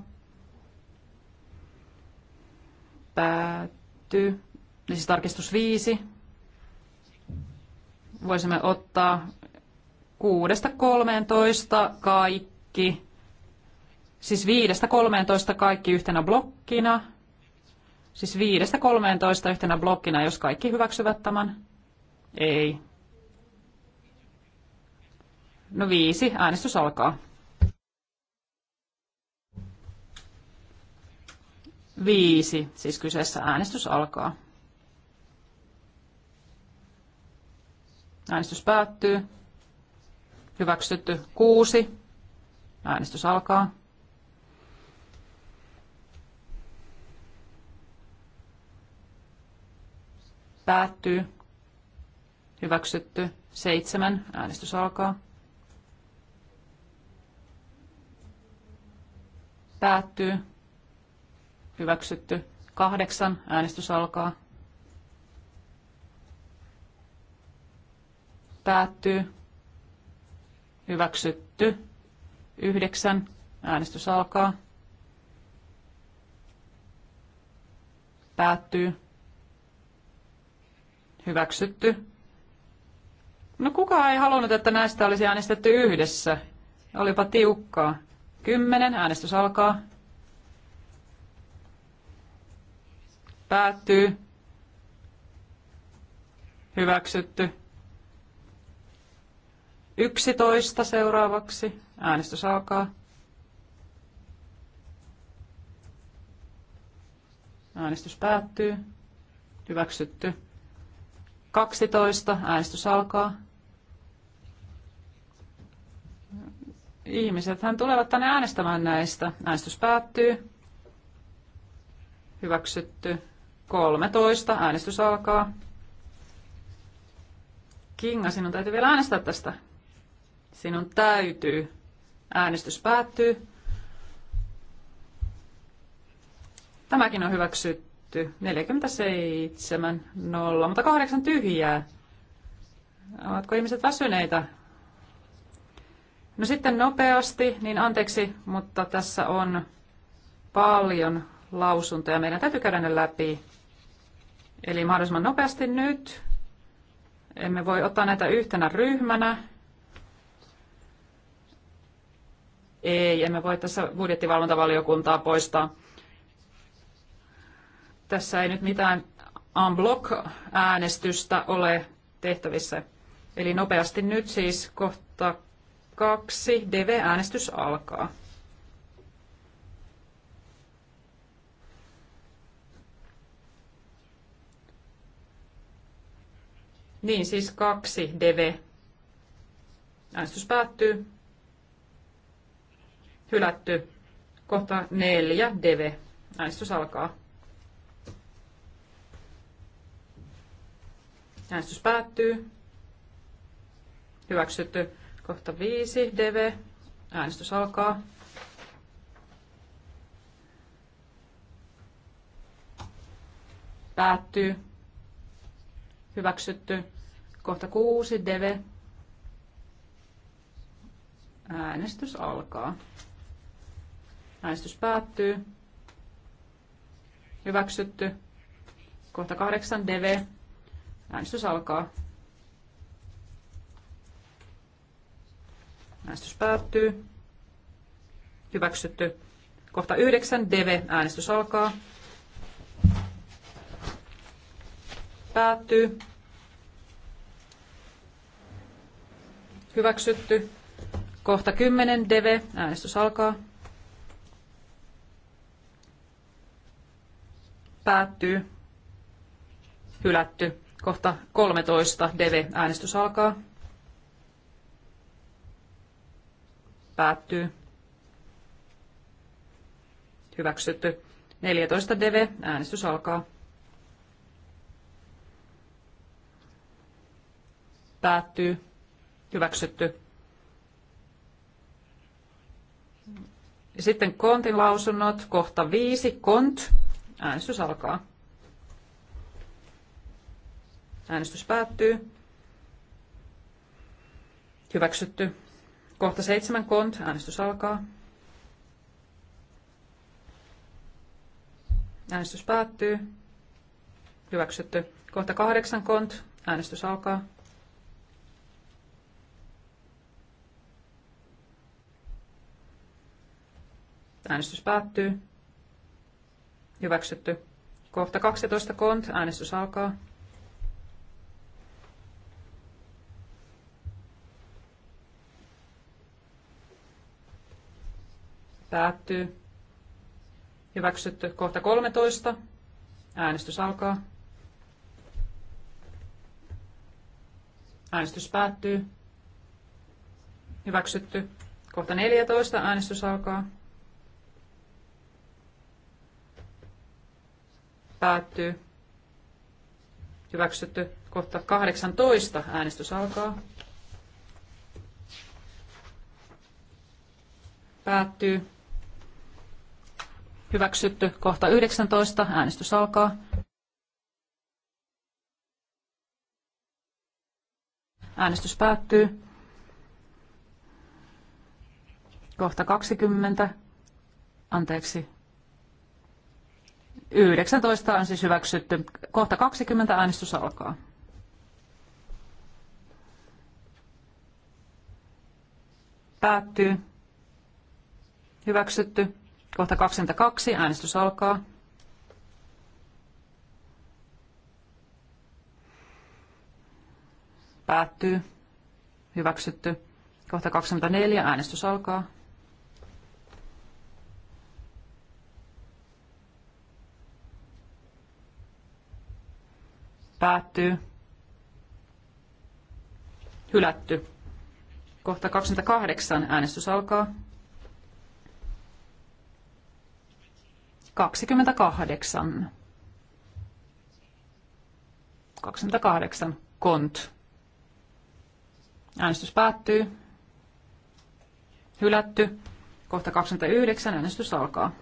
Päättyy. Eli siis tarkistus 5. Voisimme ottaa 6-13 kaikki Siis 5-13 kaikki yhtenä blokkina. Siis 5-13 yhtenä blokkina, jos kaikki hyväksyvät tämän. Ei. No viisi, äänestys alkaa. Viisi, siis kyseessä äänestys alkaa. Äänestys päättyy. Hyväksytty kuusi. Äänestys alkaa. päättyy. Hyväksytty. Seitsemän. Äänestys alkaa. Päättyy. Hyväksytty. Kahdeksan. Äänestys alkaa. Päättyy. Hyväksytty. Yhdeksän. Äänestys alkaa. Päättyy Hyväksytty. No kuka ei halunnut, että näistä olisi äänestetty yhdessä? Olipa tiukkaa. Kymmenen, äänestys alkaa. Päättyy. Hyväksytty. Yksitoista seuraavaksi. Äänestys alkaa. Äänestys päättyy. Hyväksytty. 12. Äänestys alkaa. Ihmisethän tulevat tänne äänestämään näistä. Äänestys päättyy. Hyväksytty. 13. Äänestys alkaa. Kinga, sinun täytyy vielä äänestää tästä. Sinun täytyy. Äänestys päättyy. Tämäkin on hyväksytty tehty. 47, 0, mutta kahdeksan tyhjää. Ovatko ihmiset väsyneitä? No sitten nopeasti, niin anteeksi, mutta tässä on paljon lausuntoja. Meidän täytyy käydä ne läpi. Eli mahdollisimman nopeasti nyt. Emme voi ottaa näitä yhtenä ryhmänä. Ei, emme voi tässä budjettivalvontavaliokuntaa poistaa tässä ei nyt mitään bloc äänestystä ole tehtävissä. Eli nopeasti nyt siis kohta kaksi DV-äänestys alkaa. Niin, siis kaksi DV. Äänestys päättyy. Hylätty. Kohta neljä DV. Äänestys alkaa. Äänestys päättyy. Hyväksytty. Kohta 5. DV. Äänestys alkaa. Päättyy. Hyväksytty. Kohta 6. DV. Äänestys alkaa. Äänestys päättyy. Hyväksytty. Kohta 8. DV. Äänestys alkaa. Äänestys päättyy. Hyväksytty. Kohta 9. DV. Äänestys alkaa. Päättyy. Hyväksytty. Kohta 10. DV. Äänestys alkaa. Päättyy. Hylätty. Kohta 13. DV-äänestys alkaa. Päättyy. Hyväksytty. 14. DV. Äänestys alkaa. Päättyy. Hyväksytty. Sitten kontin lausunnot. Kohta 5. Kont. Äänestys alkaa. Äänestys päättyy. Hyväksytty. Kohta seitsemän kont. Äänestys alkaa. Äänestys päättyy. Hyväksytty. Kohta kahdeksan kont. Äänestys alkaa. Äänestys päättyy. Hyväksytty. Kohta 12 kont. Äänestys alkaa. Päättyy. Hyväksytty. Kohta 13. Äänestys alkaa. Äänestys päättyy. Hyväksytty. Kohta 14. Äänestys alkaa. Päättyy. Hyväksytty. Kohta 18. Äänestys alkaa. Päättyy. Hyväksytty. Kohta 19. Äänestys alkaa. Äänestys päättyy. Kohta 20. Anteeksi. 19 on siis hyväksytty. Kohta 20 äänestys alkaa. Päättyy. Hyväksytty. Kohta 22. Äänestys alkaa. Päättyy. Hyväksytty. Kohta 24. Äänestys alkaa. Päättyy. Hylätty. Kohta 28. Äänestys alkaa. 28. 28. Kont. Äänestys päättyy. Hylätty. Kohta 29. Äänestys alkaa.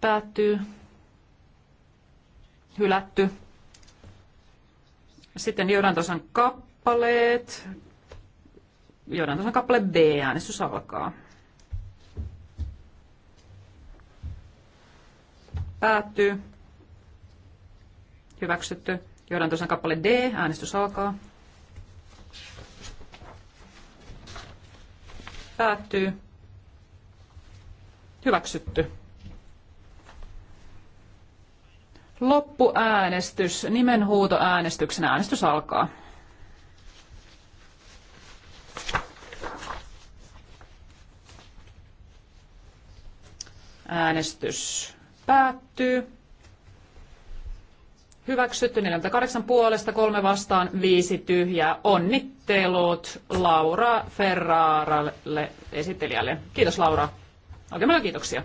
Päättyy. Hylätty. Sitten johdantosan kappaleet. Johdantosan kappale B. Äänestys alkaa. päättyy. Hyväksytty. tuossa kappale D. Äänestys alkaa. Päättyy. Hyväksytty. Loppuäänestys. äänestyksen äänestys alkaa. Äänestys Päättyy. Hyväksytty 48 puolesta, kolme vastaan, viisi tyhjää. Onnittelut Laura Ferraralle esittelijälle. Kiitos Laura. Oikein paljon kiitoksia.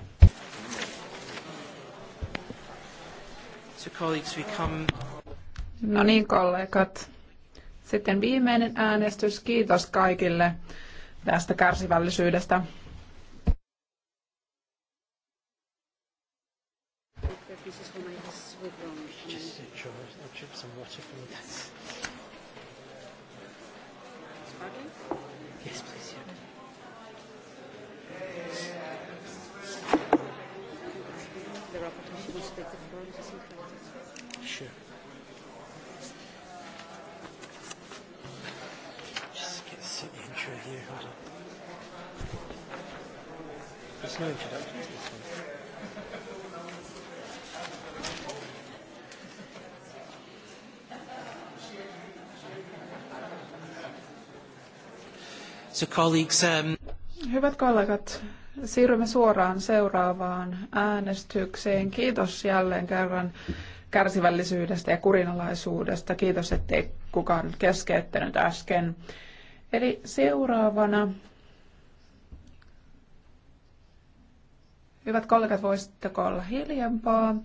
No niin kollegat. Sitten viimeinen äänestys. Kiitos kaikille tästä kärsivällisyydestä. So colleagues, um... Hyvät kollegat, siirrymme suoraan seuraavaan äänestykseen. Kiitos jälleen kerran kärsivällisyydestä ja kurinalaisuudesta. Kiitos, ettei kukaan keskeyttänyt äsken. Eli seuraavana Hyvät kollegat, voisitteko olla hiljempaa?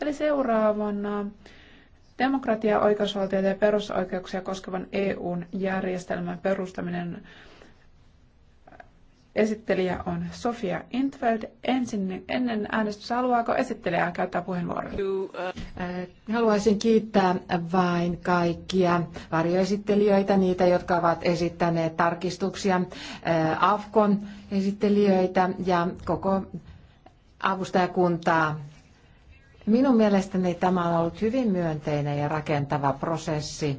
Eli seuraavana demokratia, oikeusvaltiota ja perusoikeuksia koskevan EUn järjestelmän perustaminen Esittelijä on Sofia Intveld. Ensin, ennen äänestys, haluaako esittelijää käyttää puheenvuoron? Uh, haluaisin kiittää vain kaikkia varjoesittelijöitä, niitä, jotka ovat esittäneet tarkistuksia, uh, AFKon esittelijöitä ja koko avustajakuntaa. Minun mielestäni tämä on ollut hyvin myönteinen ja rakentava prosessi.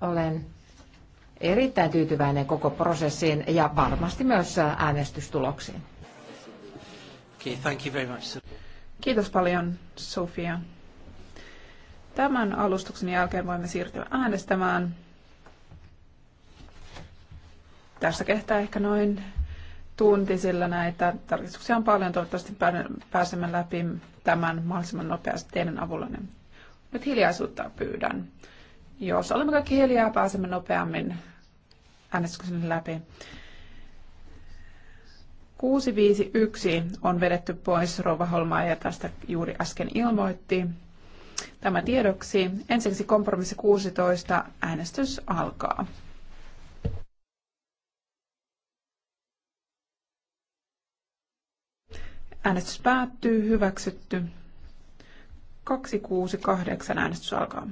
Olen erittäin tyytyväinen koko prosessiin ja varmasti myös äänestystuloksiin. Okay, thank you very much. Kiitos paljon, Sofia. Tämän alustuksen jälkeen voimme siirtyä äänestämään. Tässä kehtää ehkä noin tunti, sillä näitä tarkistuksia on paljon. Toivottavasti pääsemme läpi tämän mahdollisimman nopeasti teidän avulla. Niin nyt hiljaisuutta pyydän. Jos olemme kaikki hiljaa, pääsemme nopeammin äänestyksen läpi. 651 on vedetty pois. Rova ja tästä juuri äsken ilmoitti. Tämä tiedoksi. Ensiksi kompromissi 16. Äänestys alkaa. Äänestys päättyy. Hyväksytty. 268 äänestys alkaa.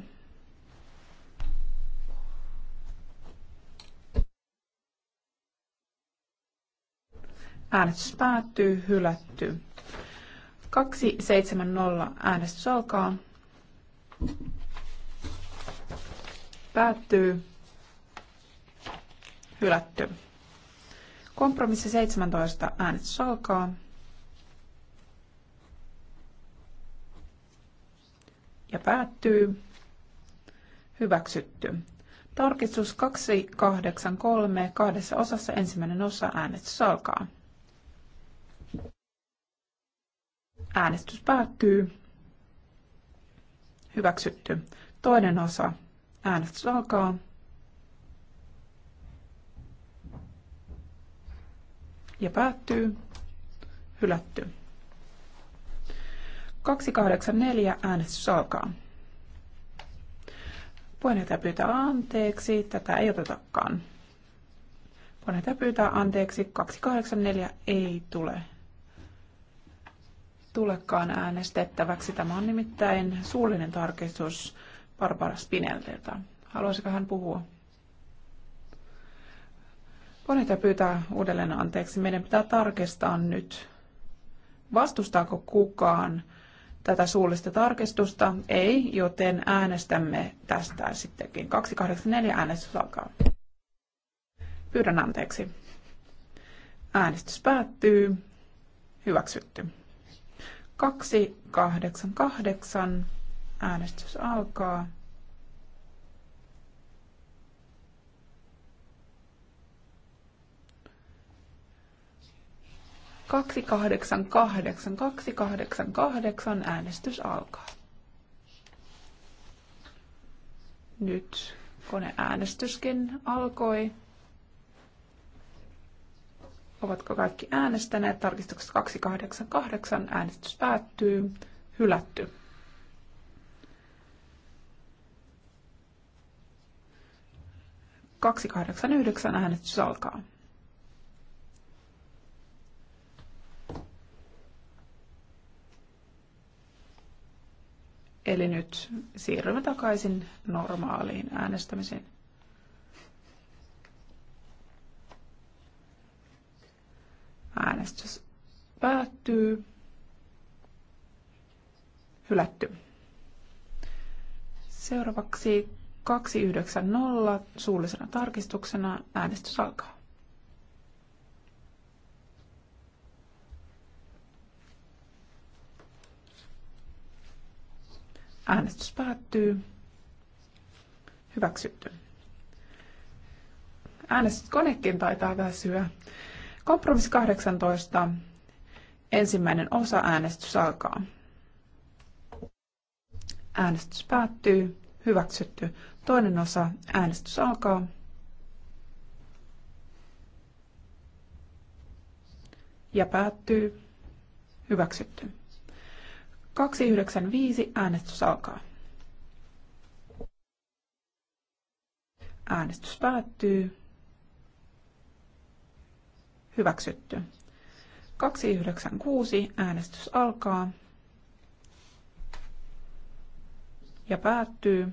Äänestys päättyy, hylätty. 270 äänestys alkaa. Päättyy, hylätty. Kompromissi 17 äänestys alkaa. Ja päättyy, hyväksytty. Tarkistus 283 kahdessa osassa ensimmäinen osa äänestys alkaa. Äänestys päättyy. Hyväksytty. Toinen osa. Äänestys alkaa. Ja päättyy. Hylätty. 284 äänestys alkaa. Puheenjohtaja pyytää anteeksi. Tätä ei otetakaan. Puheenjohtaja pyytää anteeksi. 284 ei tule tulekaan äänestettäväksi. Tämä on nimittäin suullinen tarkistus Barbara Spinellilta. Haluaisiko hän puhua? Ponita pyytää uudelleen anteeksi. Meidän pitää tarkistaa nyt. Vastustaako kukaan tätä suullista tarkistusta? Ei, joten äänestämme tästä sittenkin. 284 äänestys alkaa. Pyydän anteeksi. Äänestys päättyy. Hyväksytty. 288. Äänestys alkaa. Kaksi kahdeksan kahdeksan, kaksi kahdeksan kahdeksan, äänestys alkaa. Nyt koneäänestyskin alkoi. Ovatko kaikki äänestäneet? Tarkistuksessa 288 äänestys päättyy. Hylätty. Kaksi kahdeksan yhdeksän äänestys alkaa. Eli nyt siirrymme takaisin normaaliin äänestämiseen. Äänestys päättyy. Hylätty. Seuraavaksi 290 suullisena tarkistuksena äänestys alkaa. Äänestys päättyy. Hyväksytty. Äänestyskonekin taitaa väsyä. Kompromissi 18. Ensimmäinen osa äänestys alkaa. Äänestys päättyy. Hyväksytty. Toinen osa äänestys alkaa. Ja päättyy. Hyväksytty. 295 äänestys alkaa. Äänestys päättyy. Hyväksytty. 296. Äänestys alkaa. Ja päättyy.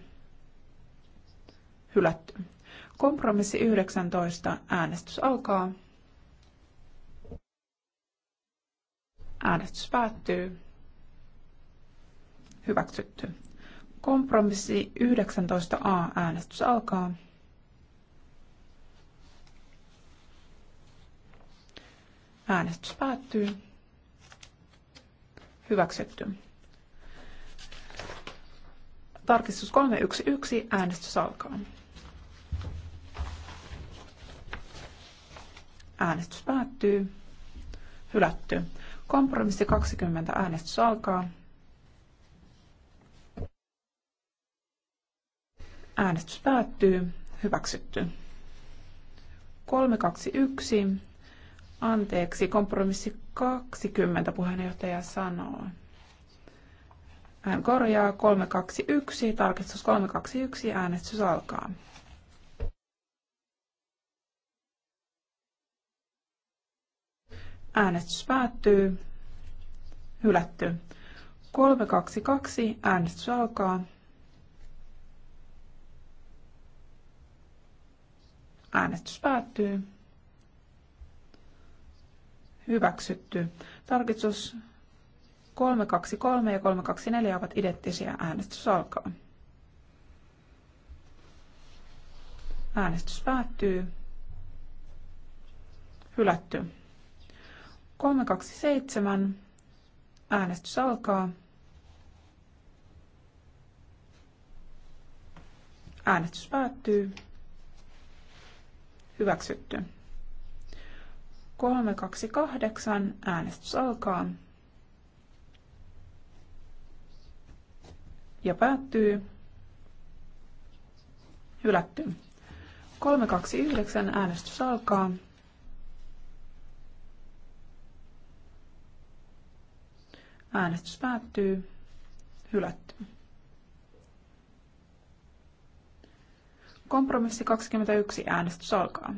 Hylätty. Kompromissi 19. Äänestys alkaa. Äänestys päättyy. Hyväksytty. Kompromissi 19a. Äänestys alkaa. Äänestys päättyy. Hyväksytty. Tarkistus 311. Äänestys alkaa. Äänestys päättyy. Hylätty. Kompromissi 20. Äänestys alkaa. Äänestys päättyy. Hyväksytty. 321. Anteeksi, kompromissi 20 puheenjohtaja sanoo. Hän korjaa 321, tarkistus 321, äänestys alkaa. Äänestys päättyy. Hylätty. 322, äänestys alkaa. Äänestys päättyy hyväksytty. Tarkistus 323 ja 324 ovat identtisiä. Äänestys alkaa. Äänestys päättyy. Hylätty. 327. Äänestys alkaa. Äänestys päättyy. Hyväksytty. 328. Äänestys alkaa. Ja päättyy. Hylätty. 329. Äänestys alkaa. Äänestys päättyy. Hylätty. Kompromissi 21. Äänestys alkaa.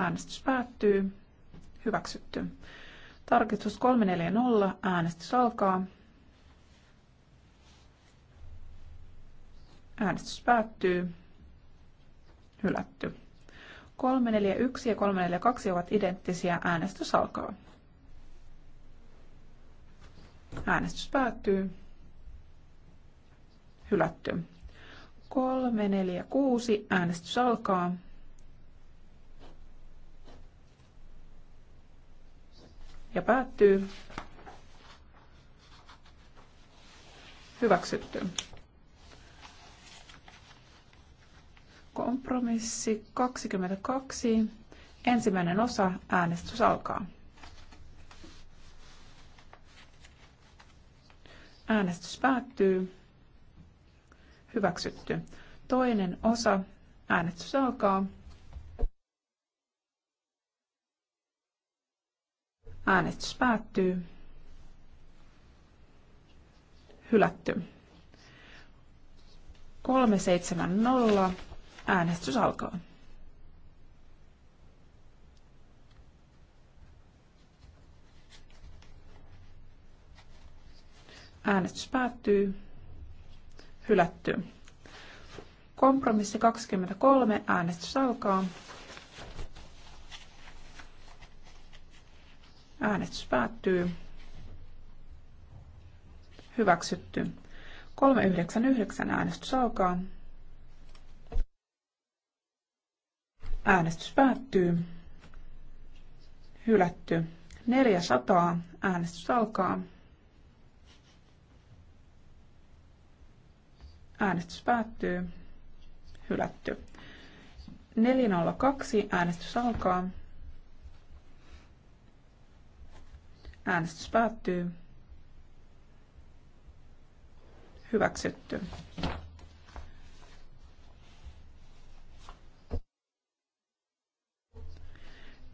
Äänestys päättyy. Hyväksytty. Tarkistus 340. Äänestys alkaa. Äänestys päättyy. Hylätty. 341 ja 342 ovat identtisiä. Äänestys alkaa. Äänestys päättyy. Hylätty. 346. Äänestys alkaa. ja päättyy. Hyväksytty. Kompromissi 22. Ensimmäinen osa. Äänestys alkaa. Äänestys päättyy. Hyväksytty. Toinen osa. Äänestys alkaa. Äänestys päättyy. Hylätty. 370. Äänestys alkaa. Äänestys päättyy. Hylätty. Kompromissi 23. Äänestys alkaa. Äänestys päättyy. Hyväksytty. 399 äänestys alkaa. Äänestys päättyy. Hylätty. 400 äänestys alkaa. Äänestys päättyy. Hylätty. 402 äänestys alkaa. Äänestys päättyy. Hyväksytty.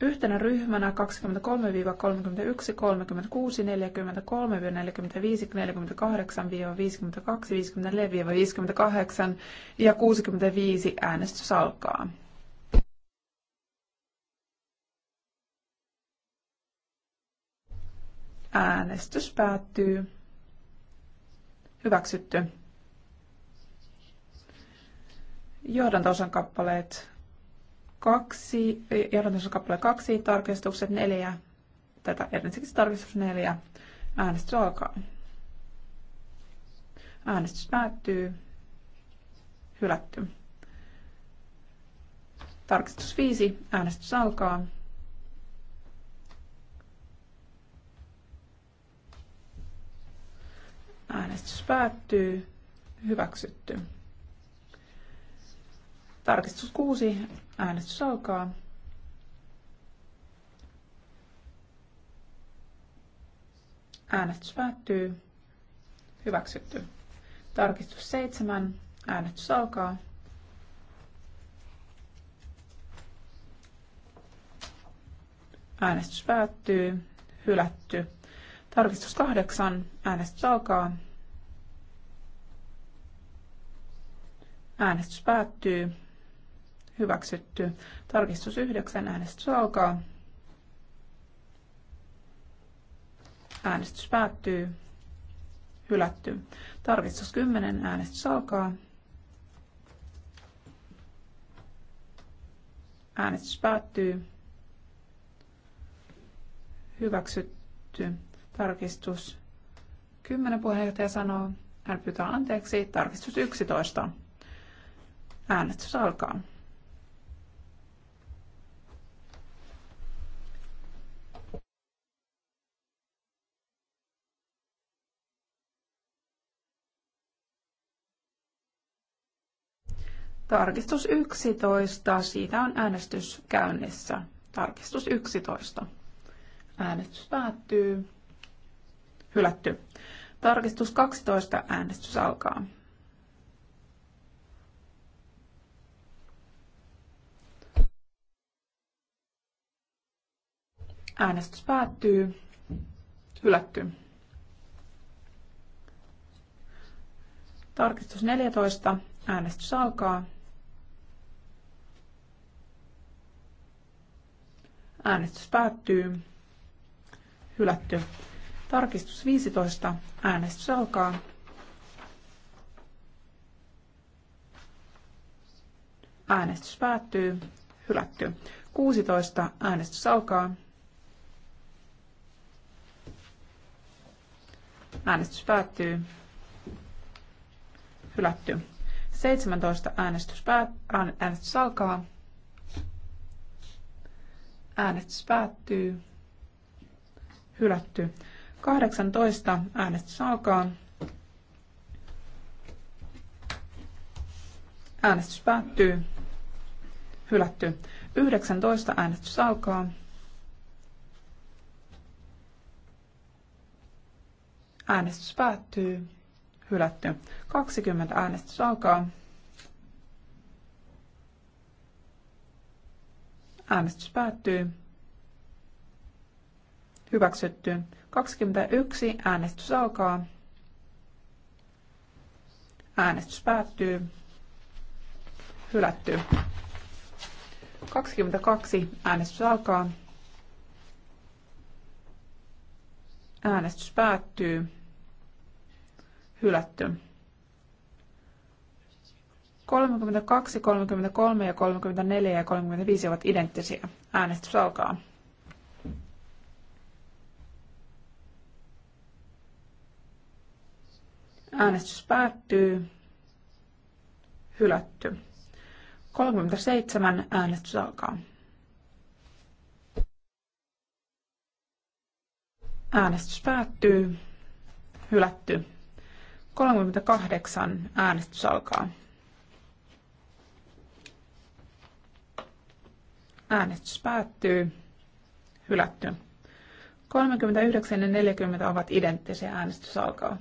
Yhtenä ryhmänä 23-31, 36, 43, 45, 48, 52, 54, 58 ja 65 äänestys alkaa. Äänestys päättyy. Hyväksytty. Johdantosan kappaleet kaksi, johdantosan kappale kaksi, tarkistukset neljä, tätä ensiksi tarkistus neljä, äänestys alkaa. Äänestys päättyy. Hylätty. Tarkistus 5. Äänestys alkaa. Äänestys päättyy. Hyväksytty. Tarkistus 6. Äänestys alkaa. Äänestys päättyy. Hyväksytty. Tarkistus 7. Äänestys alkaa. Äänestys päättyy. Hylätty. Tarkistus 8. Äänestys alkaa. Äänestys päättyy. Hyväksytty. Tarkistus 9. Äänestys alkaa. Äänestys päättyy. Hylätty. Tarkistus 10. Äänestys alkaa. Äänestys päättyy. Hyväksytty. Tarkistus 10. Puheenjohtaja sanoo. Hän pyytää anteeksi. Tarkistus 11. Äänestys alkaa. Tarkistus 11. Siitä on äänestys käynnissä. Tarkistus 11. Äänestys päättyy. Hylätty. Tarkistus 12. Äänestys alkaa. Äänestys päättyy. Hylätty. Tarkistus 14. Äänestys alkaa. Äänestys päättyy. Hylätty. Tarkistus 15. Äänestys alkaa. Äänestys päättyy. Hylätty. 16. Äänestys alkaa. Äänestys päättyy. Hylätty. 17 äänestys, päät- äänestys alkaa. Äänestys päättyy. Hylätty. 18 äänestys alkaa. Äänestys päättyy. Hylätty. 19 äänestys alkaa. Äänestys päättyy. Hylätty. 20 äänestys alkaa. Äänestys päättyy. Hyväksytty. 21. Äänestys alkaa. Äänestys päättyy. Hylätty. 22. Äänestys alkaa. Äänestys päättyy hylätty. 32, 33 ja 34 ja 35 ovat identtisiä. Äänestys alkaa. Äänestys päättyy. Hylätty. 37 äänestys alkaa. Äänestys päättyy. Hylätty. 38 äänestys alkaa. Äänestys päättyy. Hylätty. 39 ja 40 ovat identtisiä. Äänestys alkaa.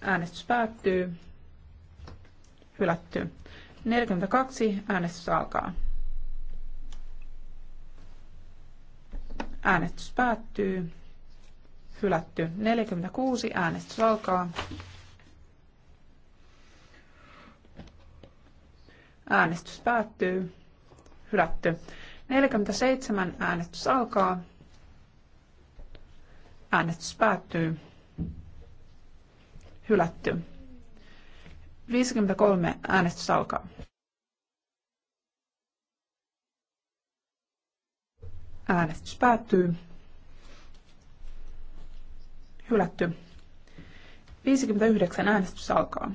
Äänestys päättyy. Hylätty. 42. Äänestys alkaa. Äänestys päättyy hylätty. 46 äänestys alkaa. Äänestys päättyy. Hylätty. 47 äänestys alkaa. Äänestys päättyy. Hylätty. 53 äänestys alkaa. Äänestys päättyy. Hylätty. 59 äänestys alkaa.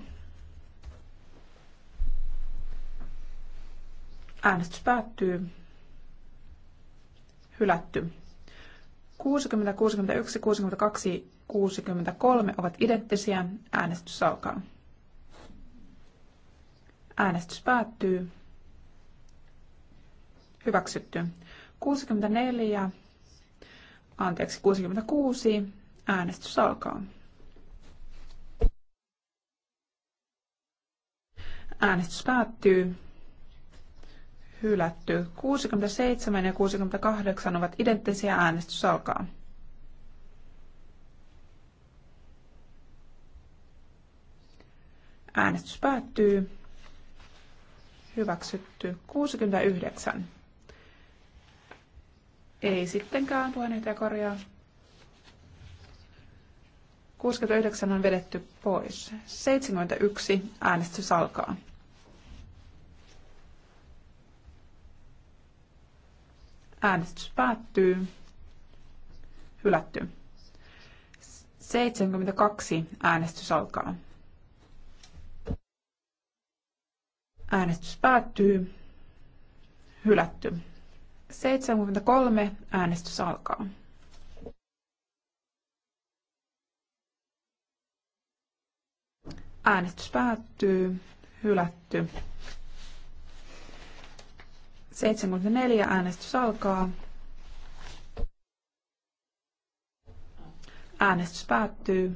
Äänestys päättyy. Hylätty. 60, 61, 62, 63 ovat identtisiä. Äänestys alkaa. Äänestys päättyy. Hyväksytty. 64, anteeksi 66, Äänestys alkaa. Äänestys päättyy. Hylätty. 67 ja 68 ovat identtisiä. Äänestys alkaa. Äänestys päättyy. Hyväksytty. 69. Ei sittenkään, puheenjohtaja korjaa. 69 on vedetty pois. 71 äänestys alkaa. Äänestys päättyy. Hylätty. 72 äänestys alkaa. Äänestys päättyy. Hylätty. 73 äänestys alkaa. Äänestys päättyy. Hylätty. 74 äänestys alkaa. Äänestys päättyy.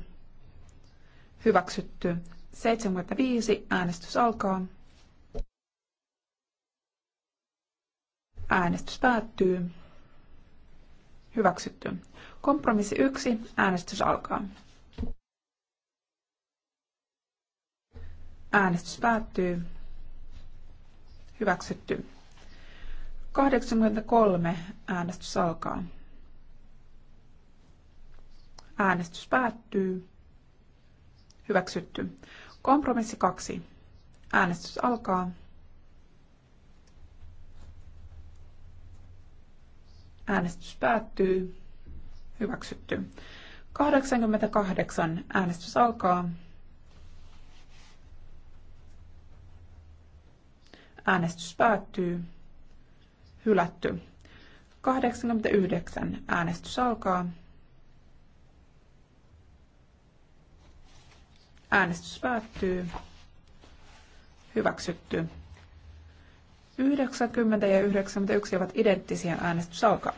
Hyväksytty. 75 äänestys alkaa. Äänestys päättyy. Hyväksytty. Kompromissi 1. Äänestys alkaa. Äänestys päättyy. Hyväksytty. 83 äänestys alkaa. Äänestys päättyy. Hyväksytty. Kompromissi 2. Äänestys alkaa. Äänestys päättyy. Hyväksytty. 88. Äänestys alkaa. Äänestys päättyy. Hylätty. 89. Äänestys alkaa. Äänestys päättyy. Hyväksytty. 90 ja 91 ovat identtisiä. Äänestys alkaa.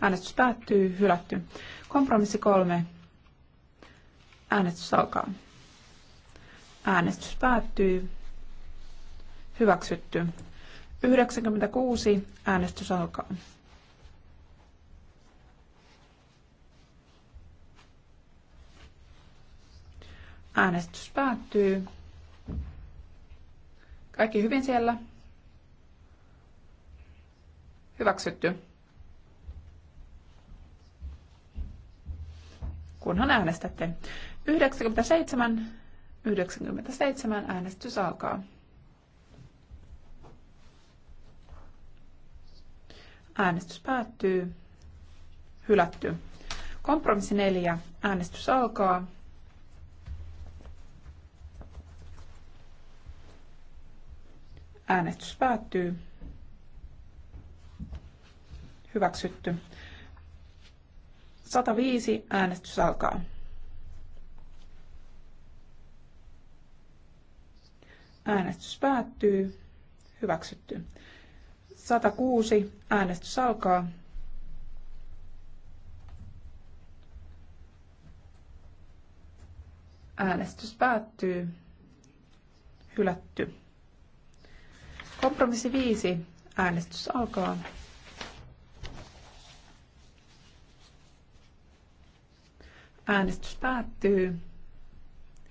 Äänestys päättyy. Hylätty. Kompromissi kolme. Äänestys alkaa. Äänestys päättyy. Hyväksytty. 96. Äänestys alkaa. Äänestys päättyy. Kaikki hyvin siellä. Hyväksytty. Kunhan äänestätte. 97, 97 äänestys alkaa. Äänestys päättyy. Hylätty. Kompromissi 4. Äänestys alkaa. Äänestys päättyy. Hyväksytty. 105. Äänestys alkaa. Äänestys päättyy. Hyväksytty. 106. Äänestys alkaa. Äänestys päättyy. Hylätty. Kompromissi 5. Äänestys alkaa. Äänestys päättyy.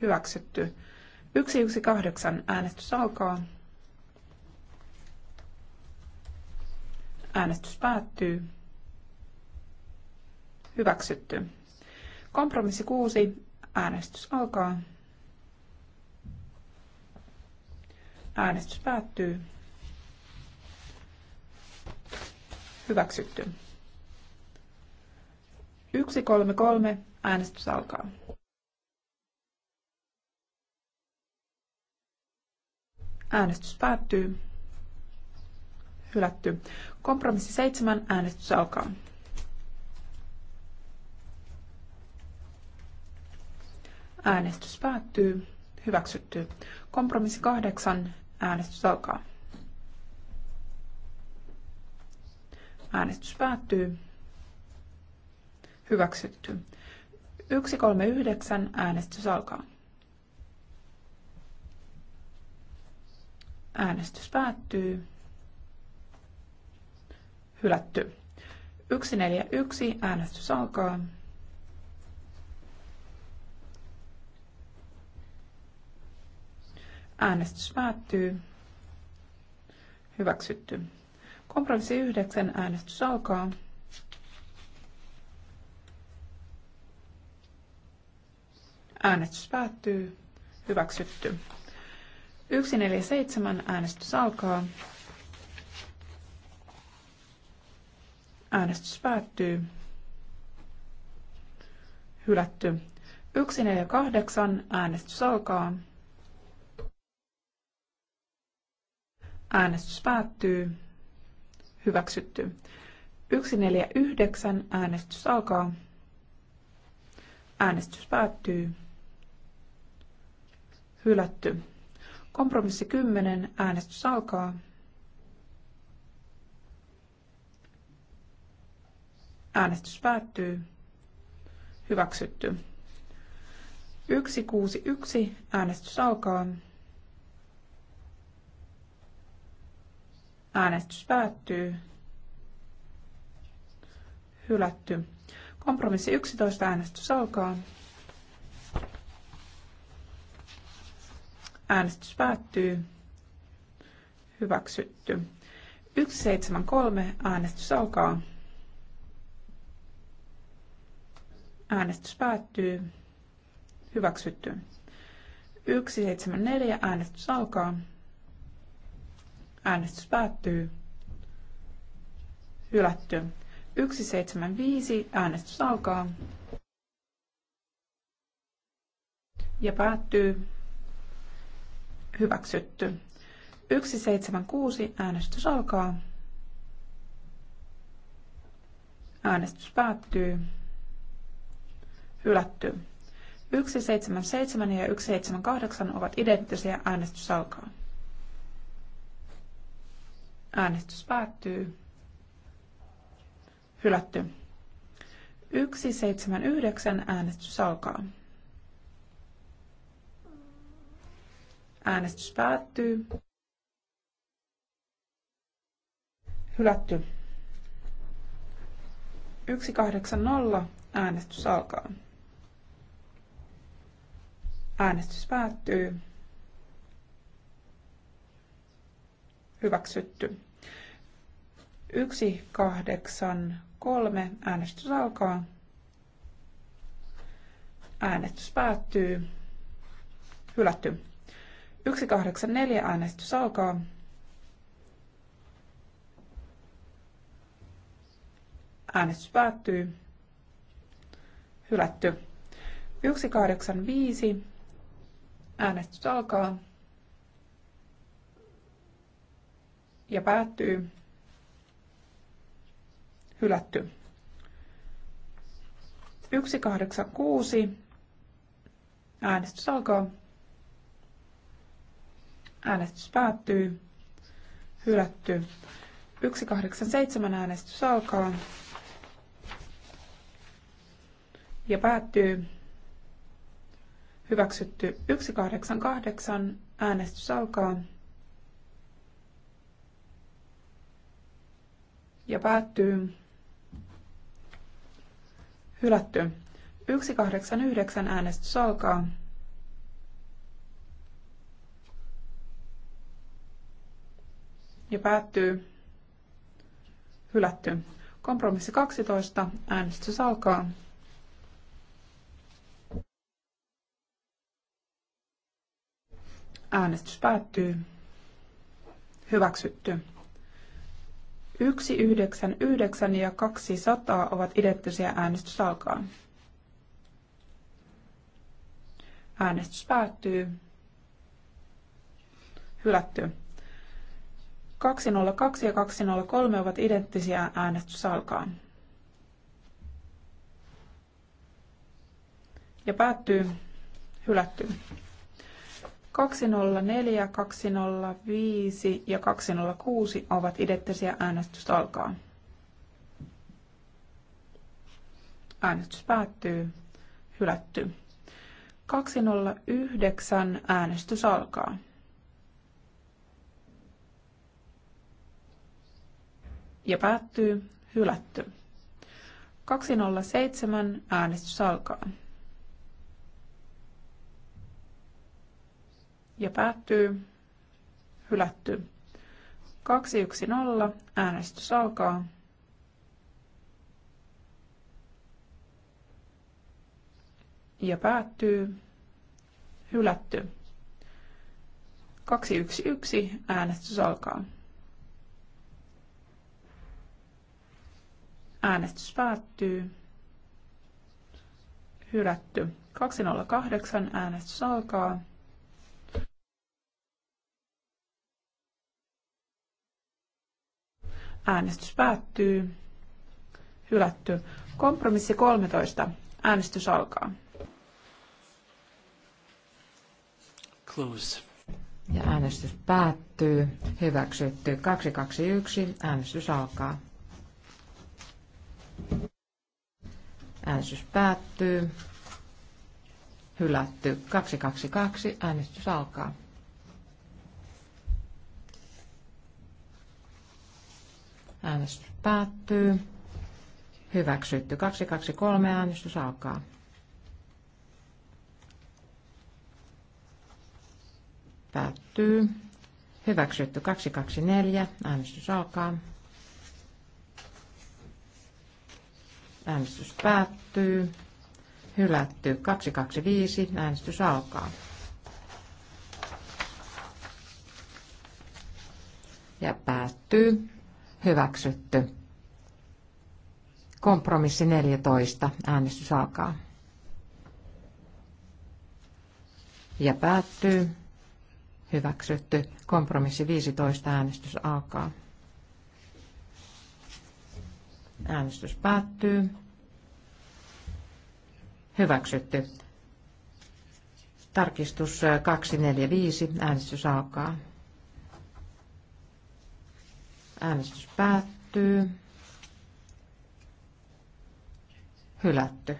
Hyväksytty. 118 äänestys alkaa. Äänestys päättyy. Hyväksytty. Kompromissi 6. Äänestys alkaa. Äänestys päättyy. Hyväksytty. 133. Äänestys alkaa. Äänestys päättyy. Hylätty. Kompromissi 7. Äänestys alkaa. Äänestys päättyy. Hyväksytty. Kompromissi 8. Äänestys alkaa. Äänestys päättyy. Hyväksytty. 139. Äänestys alkaa. Äänestys päättyy. Hylätty. 141. Äänestys alkaa. Äänestys päättyy. Hyväksytty. Kompromissi 9. Äänestys alkaa. Äänestys päättyy. Hyväksytty. 147 äänestys alkaa. Äänestys päättyy. Hylätty. 148 äänestys alkaa. Äänestys päättyy. Hyväksytty. 149 äänestys alkaa. Äänestys päättyy. Hylätty. Kompromissi 10. Äänestys alkaa. Äänestys päättyy. Hyväksytty. 161. Äänestys alkaa. Äänestys päättyy. Hylätty. Kompromissi 11. Äänestys alkaa. Äänestys päättyy. Hyväksytty. 173. Äänestys alkaa. Äänestys päättyy. Hyväksytty. 174. Äänestys alkaa. Äänestys päättyy. Hylätty. 175. Äänestys alkaa. Ja päättyy hyväksytty. 176 äänestys alkaa. Äänestys päättyy. Hylätty. 177 ja 178 ovat identtisiä. Äänestys alkaa. Äänestys päättyy. Hylätty. 179 äänestys alkaa. Äänestys päättyy. Hylätty. 180. Äänestys alkaa. Äänestys päättyy. Hyväksytty. 183. Äänestys alkaa. Äänestys päättyy. Hylätty. 184 äänestys alkaa. Äänestys päättyy. Hylätty. 185. Äänestys alkaa. Ja päättyy. Hylätty. 186. Äänestys alkaa. Äänestys päättyy. Hylätty. 187 äänestys alkaa. Ja päättyy. Hyväksytty 188. Äänestys alkaa. Ja päättyy. Hylätty. 189 äänestys alkaa. ja päättyy hylätty. Kompromissi 12. Äänestys alkaa. Äänestys päättyy. Hyväksytty. 199 ja 200 ovat identtisiä. Äänestys alkaa. Äänestys päättyy. Hylätty. 202 ja 203 ovat identtisiä äänestysalkaan. Ja päättyy hylätty. 204, 205 ja 206 ovat identtisiä äänestysalkaa. Äänestys päättyy. Hylätty. 209 äänestys alkaa. ja päättyy, hylätty. 207 äänestys alkaa. Ja päättyy, hylätty. 210 äänestys alkaa. Ja päättyy, hylätty. 211 äänestys alkaa. Äänestys päättyy. Hylätty. 208 äänestys alkaa. Äänestys päättyy. Hylätty. Kompromissi 13. Äänestys alkaa. Close. Ja äänestys päättyy. Hyväksytty. 221. Äänestys alkaa. Äänestys päättyy. Hylätty 222. Äänestys alkaa. Äänestys päättyy. Hyväksytty 223. Äänestys alkaa. Päättyy. Hyväksytty 224. Äänestys alkaa. Äänestys päättyy. Hylätty 225. Äänestys alkaa. Ja päättyy. Hyväksytty. Kompromissi 14. Äänestys alkaa. Ja päättyy. Hyväksytty. Kompromissi 15. Äänestys alkaa. Äänestys päättyy. Hyväksytty. Tarkistus 245. Äänestys alkaa. Äänestys päättyy. Hylätty.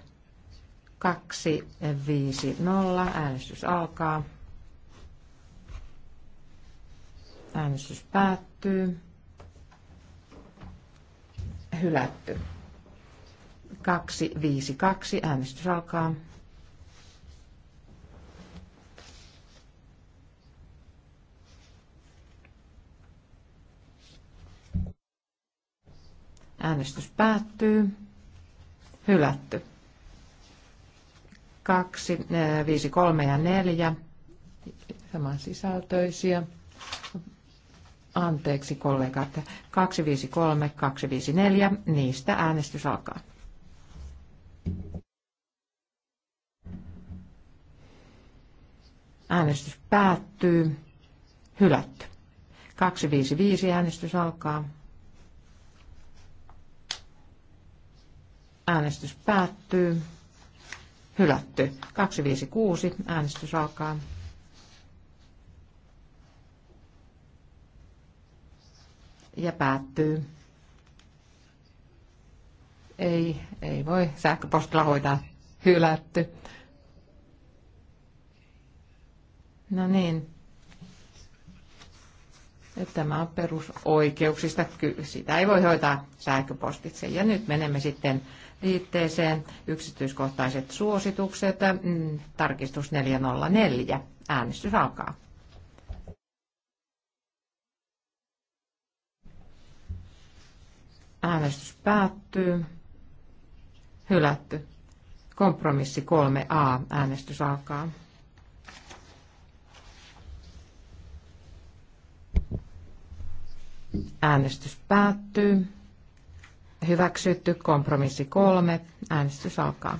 250. Äänestys alkaa. Äänestys päättyy hylätty. 252, äänestys alkaa. Äänestys päättyy. Hylätty. 2, 5, 3 ja 4. Samansisältöisiä. Anteeksi kollegat, 253, 254, niistä äänestys alkaa. Äänestys päättyy. Hylätty. 255 äänestys alkaa. Äänestys päättyy. Hylätty. 256 äänestys alkaa. ja päättyy. Ei, ei voi sähköpostilla hoitaa. Hylätty. No niin. Tämä on perusoikeuksista. Sitä ei voi hoitaa sähköpostitse. Ja nyt menemme sitten liitteeseen. Yksityiskohtaiset suositukset. Mm, tarkistus 404. Äänestys alkaa. Äänestys päättyy. Hylätty. Kompromissi 3a. Äänestys alkaa. Äänestys päättyy. Hyväksytty kompromissi kolme. Äänestys alkaa.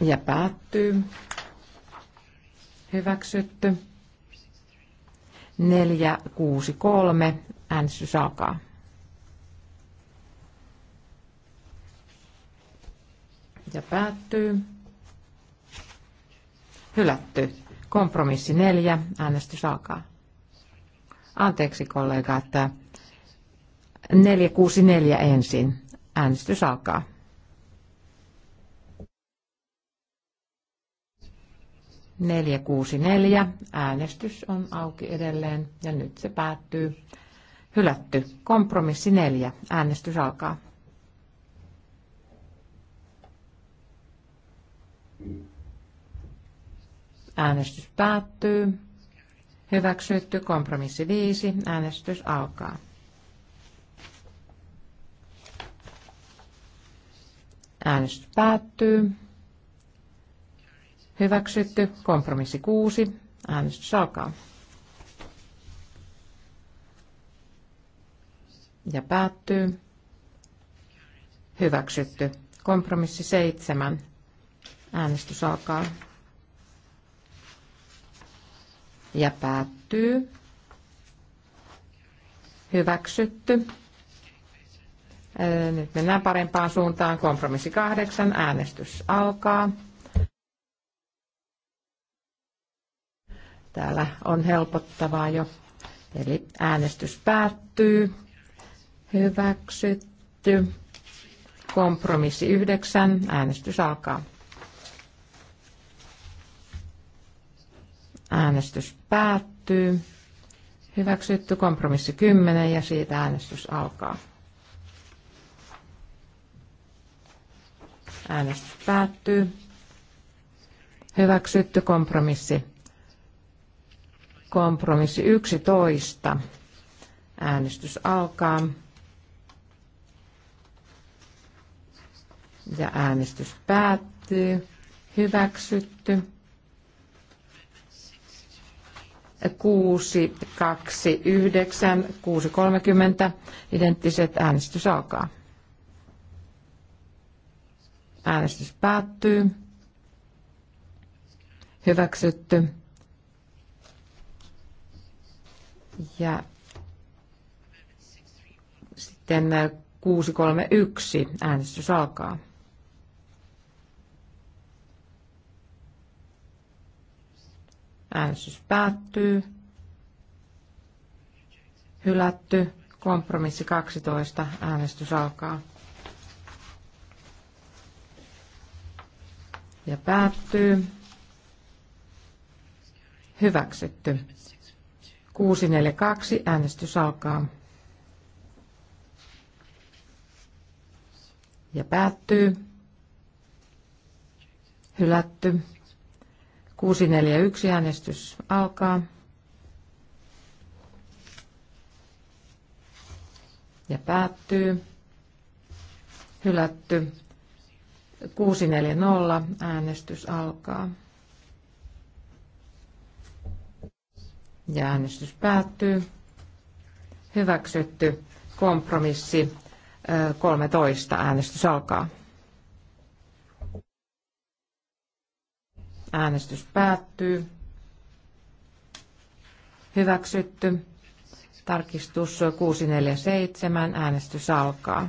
Ja päättyy. Hyväksytty. 463. Äänestys alkaa. Ja päättyy. Hylätty. Kompromissi 4. Äänestys alkaa. Anteeksi kollega, että 464 ensin. Äänestys alkaa. 464. Äänestys on auki edelleen ja nyt se päättyy. Hylätty. Kompromissi 4. Äänestys alkaa. Äänestys päättyy. Hyväksytty kompromissi 5. Äänestys alkaa. Äänestys päättyy. Hyväksytty. Kompromissi 6. Äänestys alkaa. Ja päättyy. Hyväksytty. Kompromissi 7. Äänestys alkaa. Ja päättyy. Hyväksytty. Nyt mennään parempaan suuntaan. Kompromissi 8. Äänestys alkaa. Täällä on helpottavaa jo. Eli äänestys päättyy. Hyväksytty. Kompromissi yhdeksän. Äänestys alkaa. Äänestys päättyy. Hyväksytty kompromissi 10 ja siitä äänestys alkaa. Äänestys päättyy. Hyväksytty kompromissi Kompromissi 11. Äänestys alkaa. Ja äänestys päättyy. Hyväksytty. 6, 2, 9, 6, 30. Identtiset äänestys alkaa. Äänestys päättyy. Hyväksytty. Ja sitten 631 äänestys alkaa. Äänestys päättyy. Hylätty. Kompromissi 12. Äänestys alkaa. Ja päättyy. Hyväksytty. 642. Äänestys alkaa. Ja päättyy. Hylätty. 641 äänestys alkaa. Ja päättyy. Hylätty. 640 äänestys alkaa. Ja äänestys päättyy. Hyväksytty kompromissi 13. Äänestys alkaa. Äänestys päättyy. Hyväksytty. Tarkistus 647. Äänestys alkaa.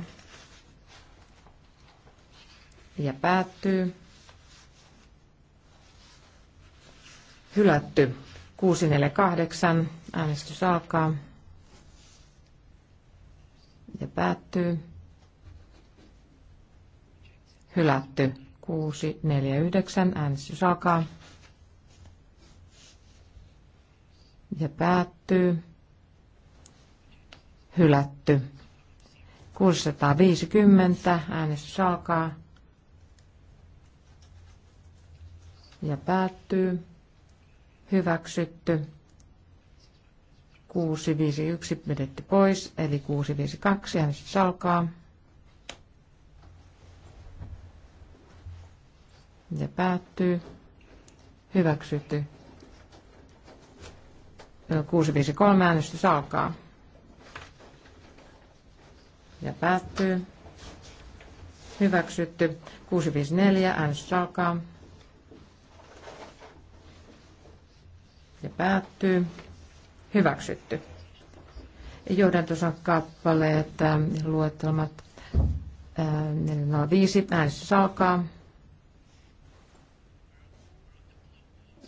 Ja päättyy. Hylätty. 648. Äänestys alkaa ja päättyy. Hylätty. 649. Äänestys alkaa ja päättyy. Hylätty. 650. Äänestys alkaa ja päättyy hyväksytty. 651 menetti pois, eli 652 äänestys salkaa. Ja päättyy. Hyväksytty. 653 äänestys alkaa. Ja päättyy. Hyväksytty. 654 äänestys alkaa. ja päättyy. Hyväksytty. Johdantosan kappaleet, äh, luettelmat 405, äh, äänestys alkaa.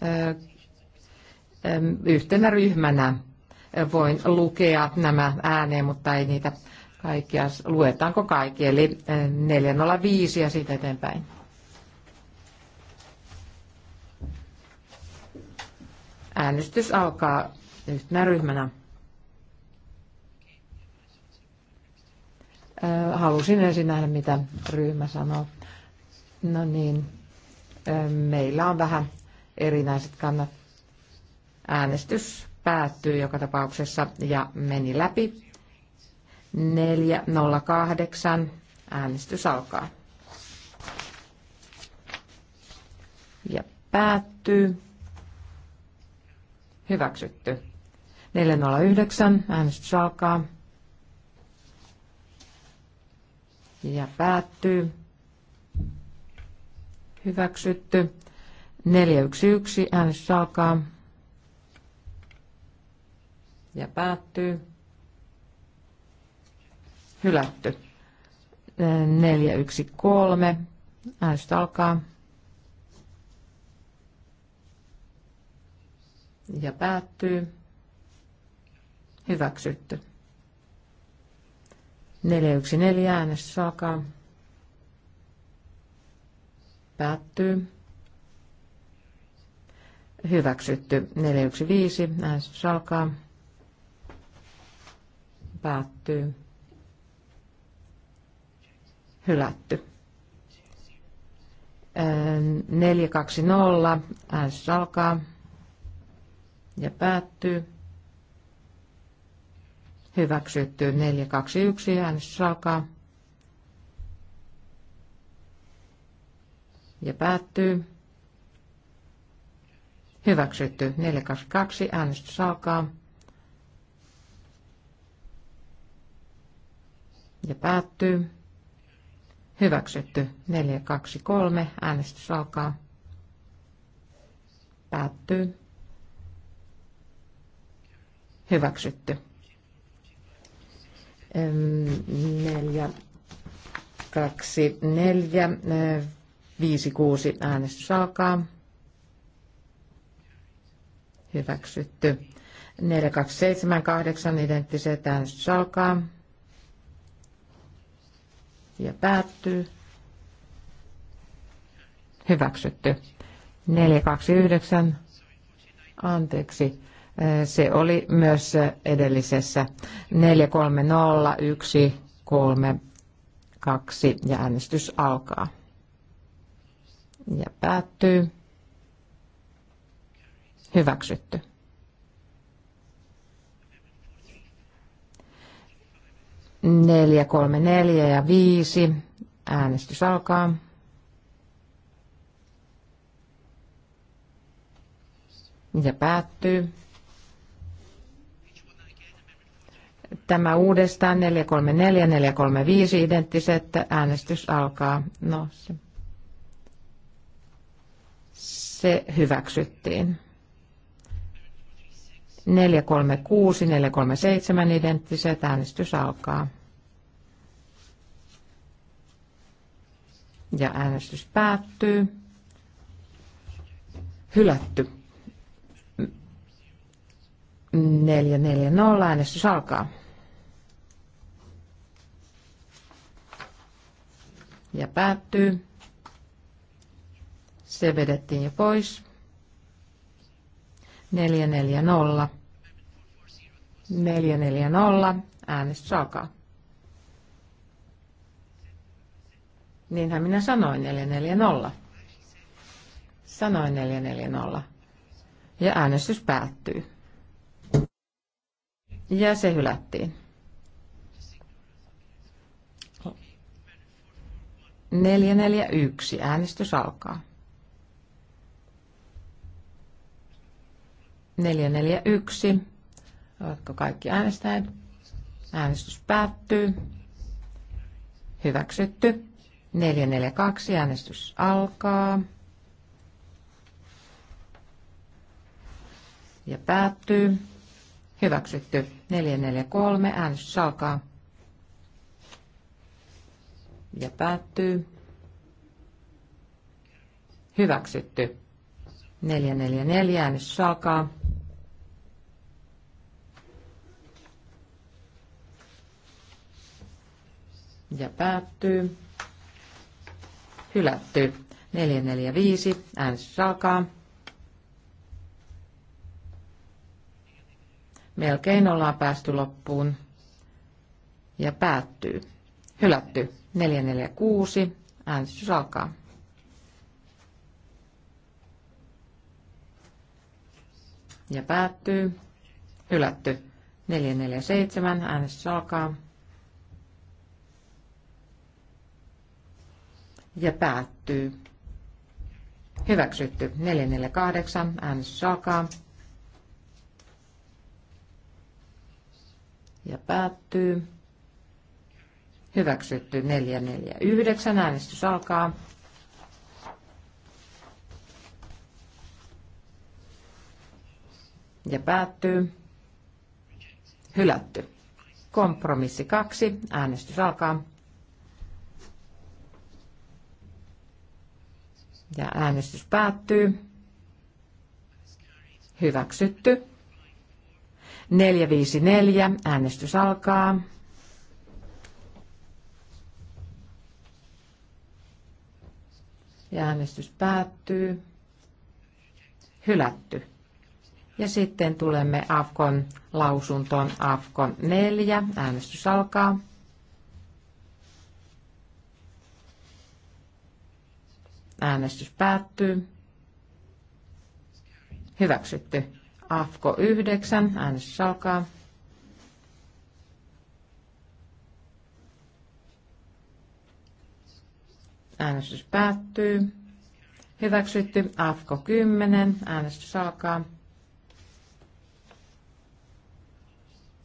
Äh, yhtenä ryhmänä voin lukea nämä ääneen, mutta ei niitä kaikkia, luetaanko kaikki, eli 405 ja siitä eteenpäin. Äänestys alkaa yhtenä ryhmänä. Halusin ensin nähdä, mitä ryhmä sanoo. No niin, meillä on vähän erinäiset kannat. Äänestys päättyy joka tapauksessa ja meni läpi. 4.08. Äänestys alkaa. Ja päättyy. Hyväksytty. 409. Äänestys alkaa. Ja päättyy. Hyväksytty. 411. Äänestys alkaa. Ja päättyy. Hylätty. 413. Äänestys alkaa. ja päättyy. Hyväksytty. 414 äänestys alkaa. Päättyy. Hyväksytty. 415 äänestys alkaa. Päättyy. Hylätty. 420 äänestys alkaa ja päättyy. Hyväksytty 421 äänestys alkaa. Ja päättyy. Hyväksytty 422 äänestys alkaa. Ja päättyy. Hyväksytty 423 äänestys alkaa. Päättyy hyväksytty. Neljä, kaksi, neljä, eh, viisi, kuusi äänestys alkaa. Hyväksytty. 4278 identtiset äänestys alkaa ja päättyy. Hyväksytty. yhdeksän anteeksi, se oli myös edellisessä 430132 ja äänestys alkaa. Ja päättyy. Hyväksytty. Neljä, kolme, neljä ja viisi. Äänestys alkaa. Ja päättyy. tämä uudestaan 434, 435 identtiset, äänestys alkaa. No, se, se hyväksyttiin. 436, 437 identtiset, äänestys alkaa. Ja äänestys päättyy. Hylätty. 440, äänestys alkaa. ja päättyy. Se vedettiin jo pois. 440. 440. Äänestys alkaa. Niinhän minä sanoin 440. Sanoin 440. Ja äänestys päättyy. Ja se hylättiin. 441. Äänestys alkaa. 441. Oletko kaikki äänestäjät? Äänestys päättyy. Hyväksytty. 442. Äänestys alkaa. Ja päättyy. Hyväksytty. 443. Äänestys alkaa ja päättyy. Hyväksytty. 444 äänestys alkaa. Ja päättyy. Hylätty. 445 äänestys alkaa. Melkein ollaan päästy loppuun ja päättyy. Hylätty. 446. Äänestys alkaa. Ja päättyy. Hylätty. 447. Äänestys alkaa. Ja päättyy. Hyväksytty. 448. Äänestys alkaa. Ja päättyy. Hyväksytty 449. Äänestys alkaa. Ja päättyy. Hylätty. Kompromissi 2. Äänestys alkaa. Ja äänestys päättyy. Hyväksytty. 454. Äänestys alkaa. Ja äänestys päättyy. Hylätty. Ja sitten tulemme Afkon lausuntoon Afkon 4. Äänestys alkaa. Äänestys päättyy. Hyväksytty. Afko 9. Äänestys alkaa. Äänestys päättyy. Hyväksytty AFKO 10. Äänestys alkaa.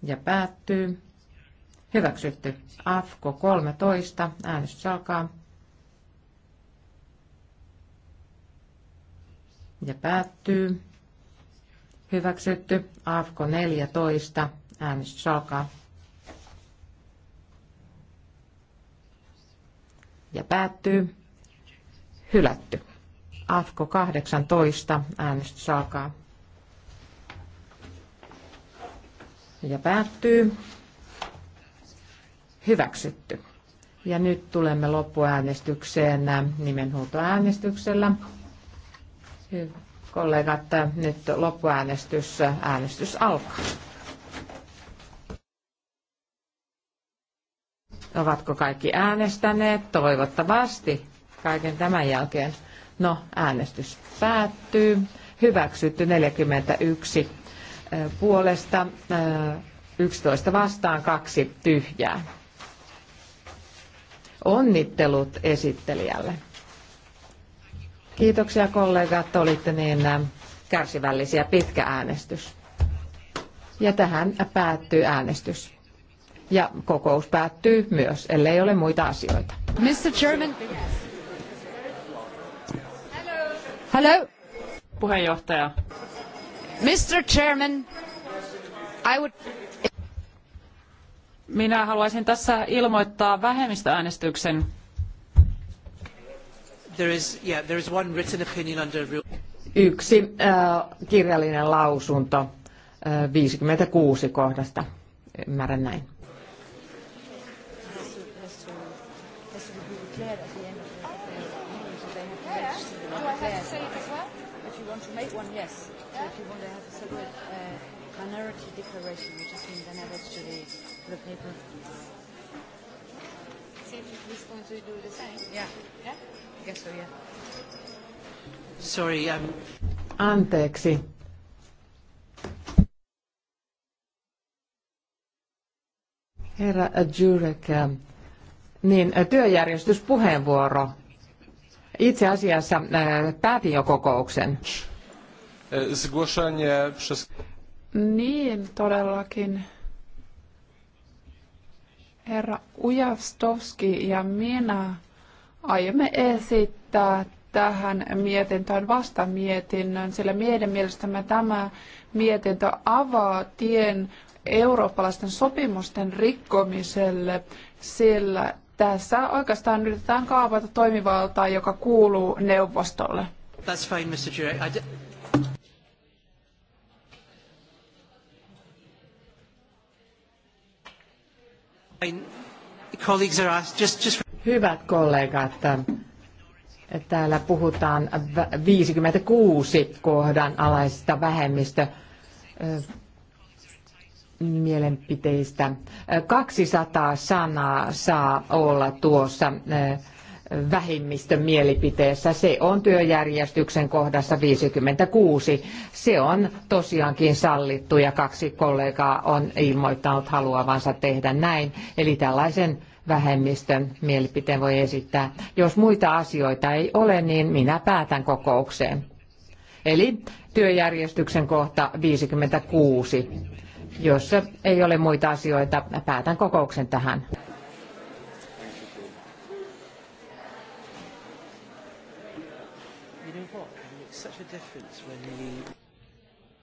Ja päättyy. Hyväksytty AFKO 13. Äänestys alkaa. Ja päättyy. Hyväksytty AFKO 14. Äänestys alkaa. ja päättyy. Hylätty. AFKO 18. Äänestys alkaa. Ja päättyy. Hyväksytty. Ja nyt tulemme loppuäänestykseen nimenhuutoäänestyksellä. Kollegat, nyt loppuäänestys. Äänestys alkaa. Ovatko kaikki äänestäneet? Toivottavasti kaiken tämän jälkeen. No, äänestys päättyy. Hyväksytty 41 puolesta, 11 vastaan, kaksi tyhjää. Onnittelut esittelijälle. Kiitoksia kollegat, olitte niin kärsivällisiä pitkä äänestys. Ja tähän päättyy äänestys ja kokous päättyy myös, ellei ole muita asioita. Mr. Chairman. Hello. Hello. Puheenjohtaja. Mr. Chairman, I would... Minä haluaisin tässä ilmoittaa vähemmistöäänestyksen. There is, yeah, there is one written opinion under... Yksi äh, kirjallinen lausunto äh, 56 kohdasta. Ymmärrän näin. declared at the end of the, meeting, so they have to yeah. register I have to say it as well? If you want to make one, yes. Yeah. So if you want to have a separate uh, minority declaration, which is means then I to the, paper. See if going to do the same. Yeah. Yeah? yeah. Sorry, um... Anteeksi. Herra Jurek, ähm, niin työjärjestyspuheenvuoro. Itse asiassa päätin jo kokouksen. E, niin, todellakin. Herra Ujavstovski ja minä aiomme esittää tähän mietintöön vastamietinnön, sillä meidän mielestämme tämä mietintö avaa tien eurooppalaisten sopimusten rikkomiselle, sillä tässä oikeastaan yritetään kaavata toimivaltaa, joka kuuluu neuvostolle. That's fine, Mr. Jurek. I Hyvät kollegat, täällä puhutaan 56 kohdan alaisista vähemmistö Mielipiteistä 200 sanaa saa olla tuossa eh, vähimmistön mielipiteessä. Se on työjärjestyksen kohdassa 56. Se on tosiaankin sallittu ja kaksi kollegaa on ilmoittanut haluavansa tehdä näin. Eli tällaisen vähemmistön mielipiteen voi esittää. Jos muita asioita ei ole, niin minä päätän kokoukseen. Eli työjärjestyksen kohta 56. Jos ei ole muita asioita, päätän kokouksen tähän. such a difference.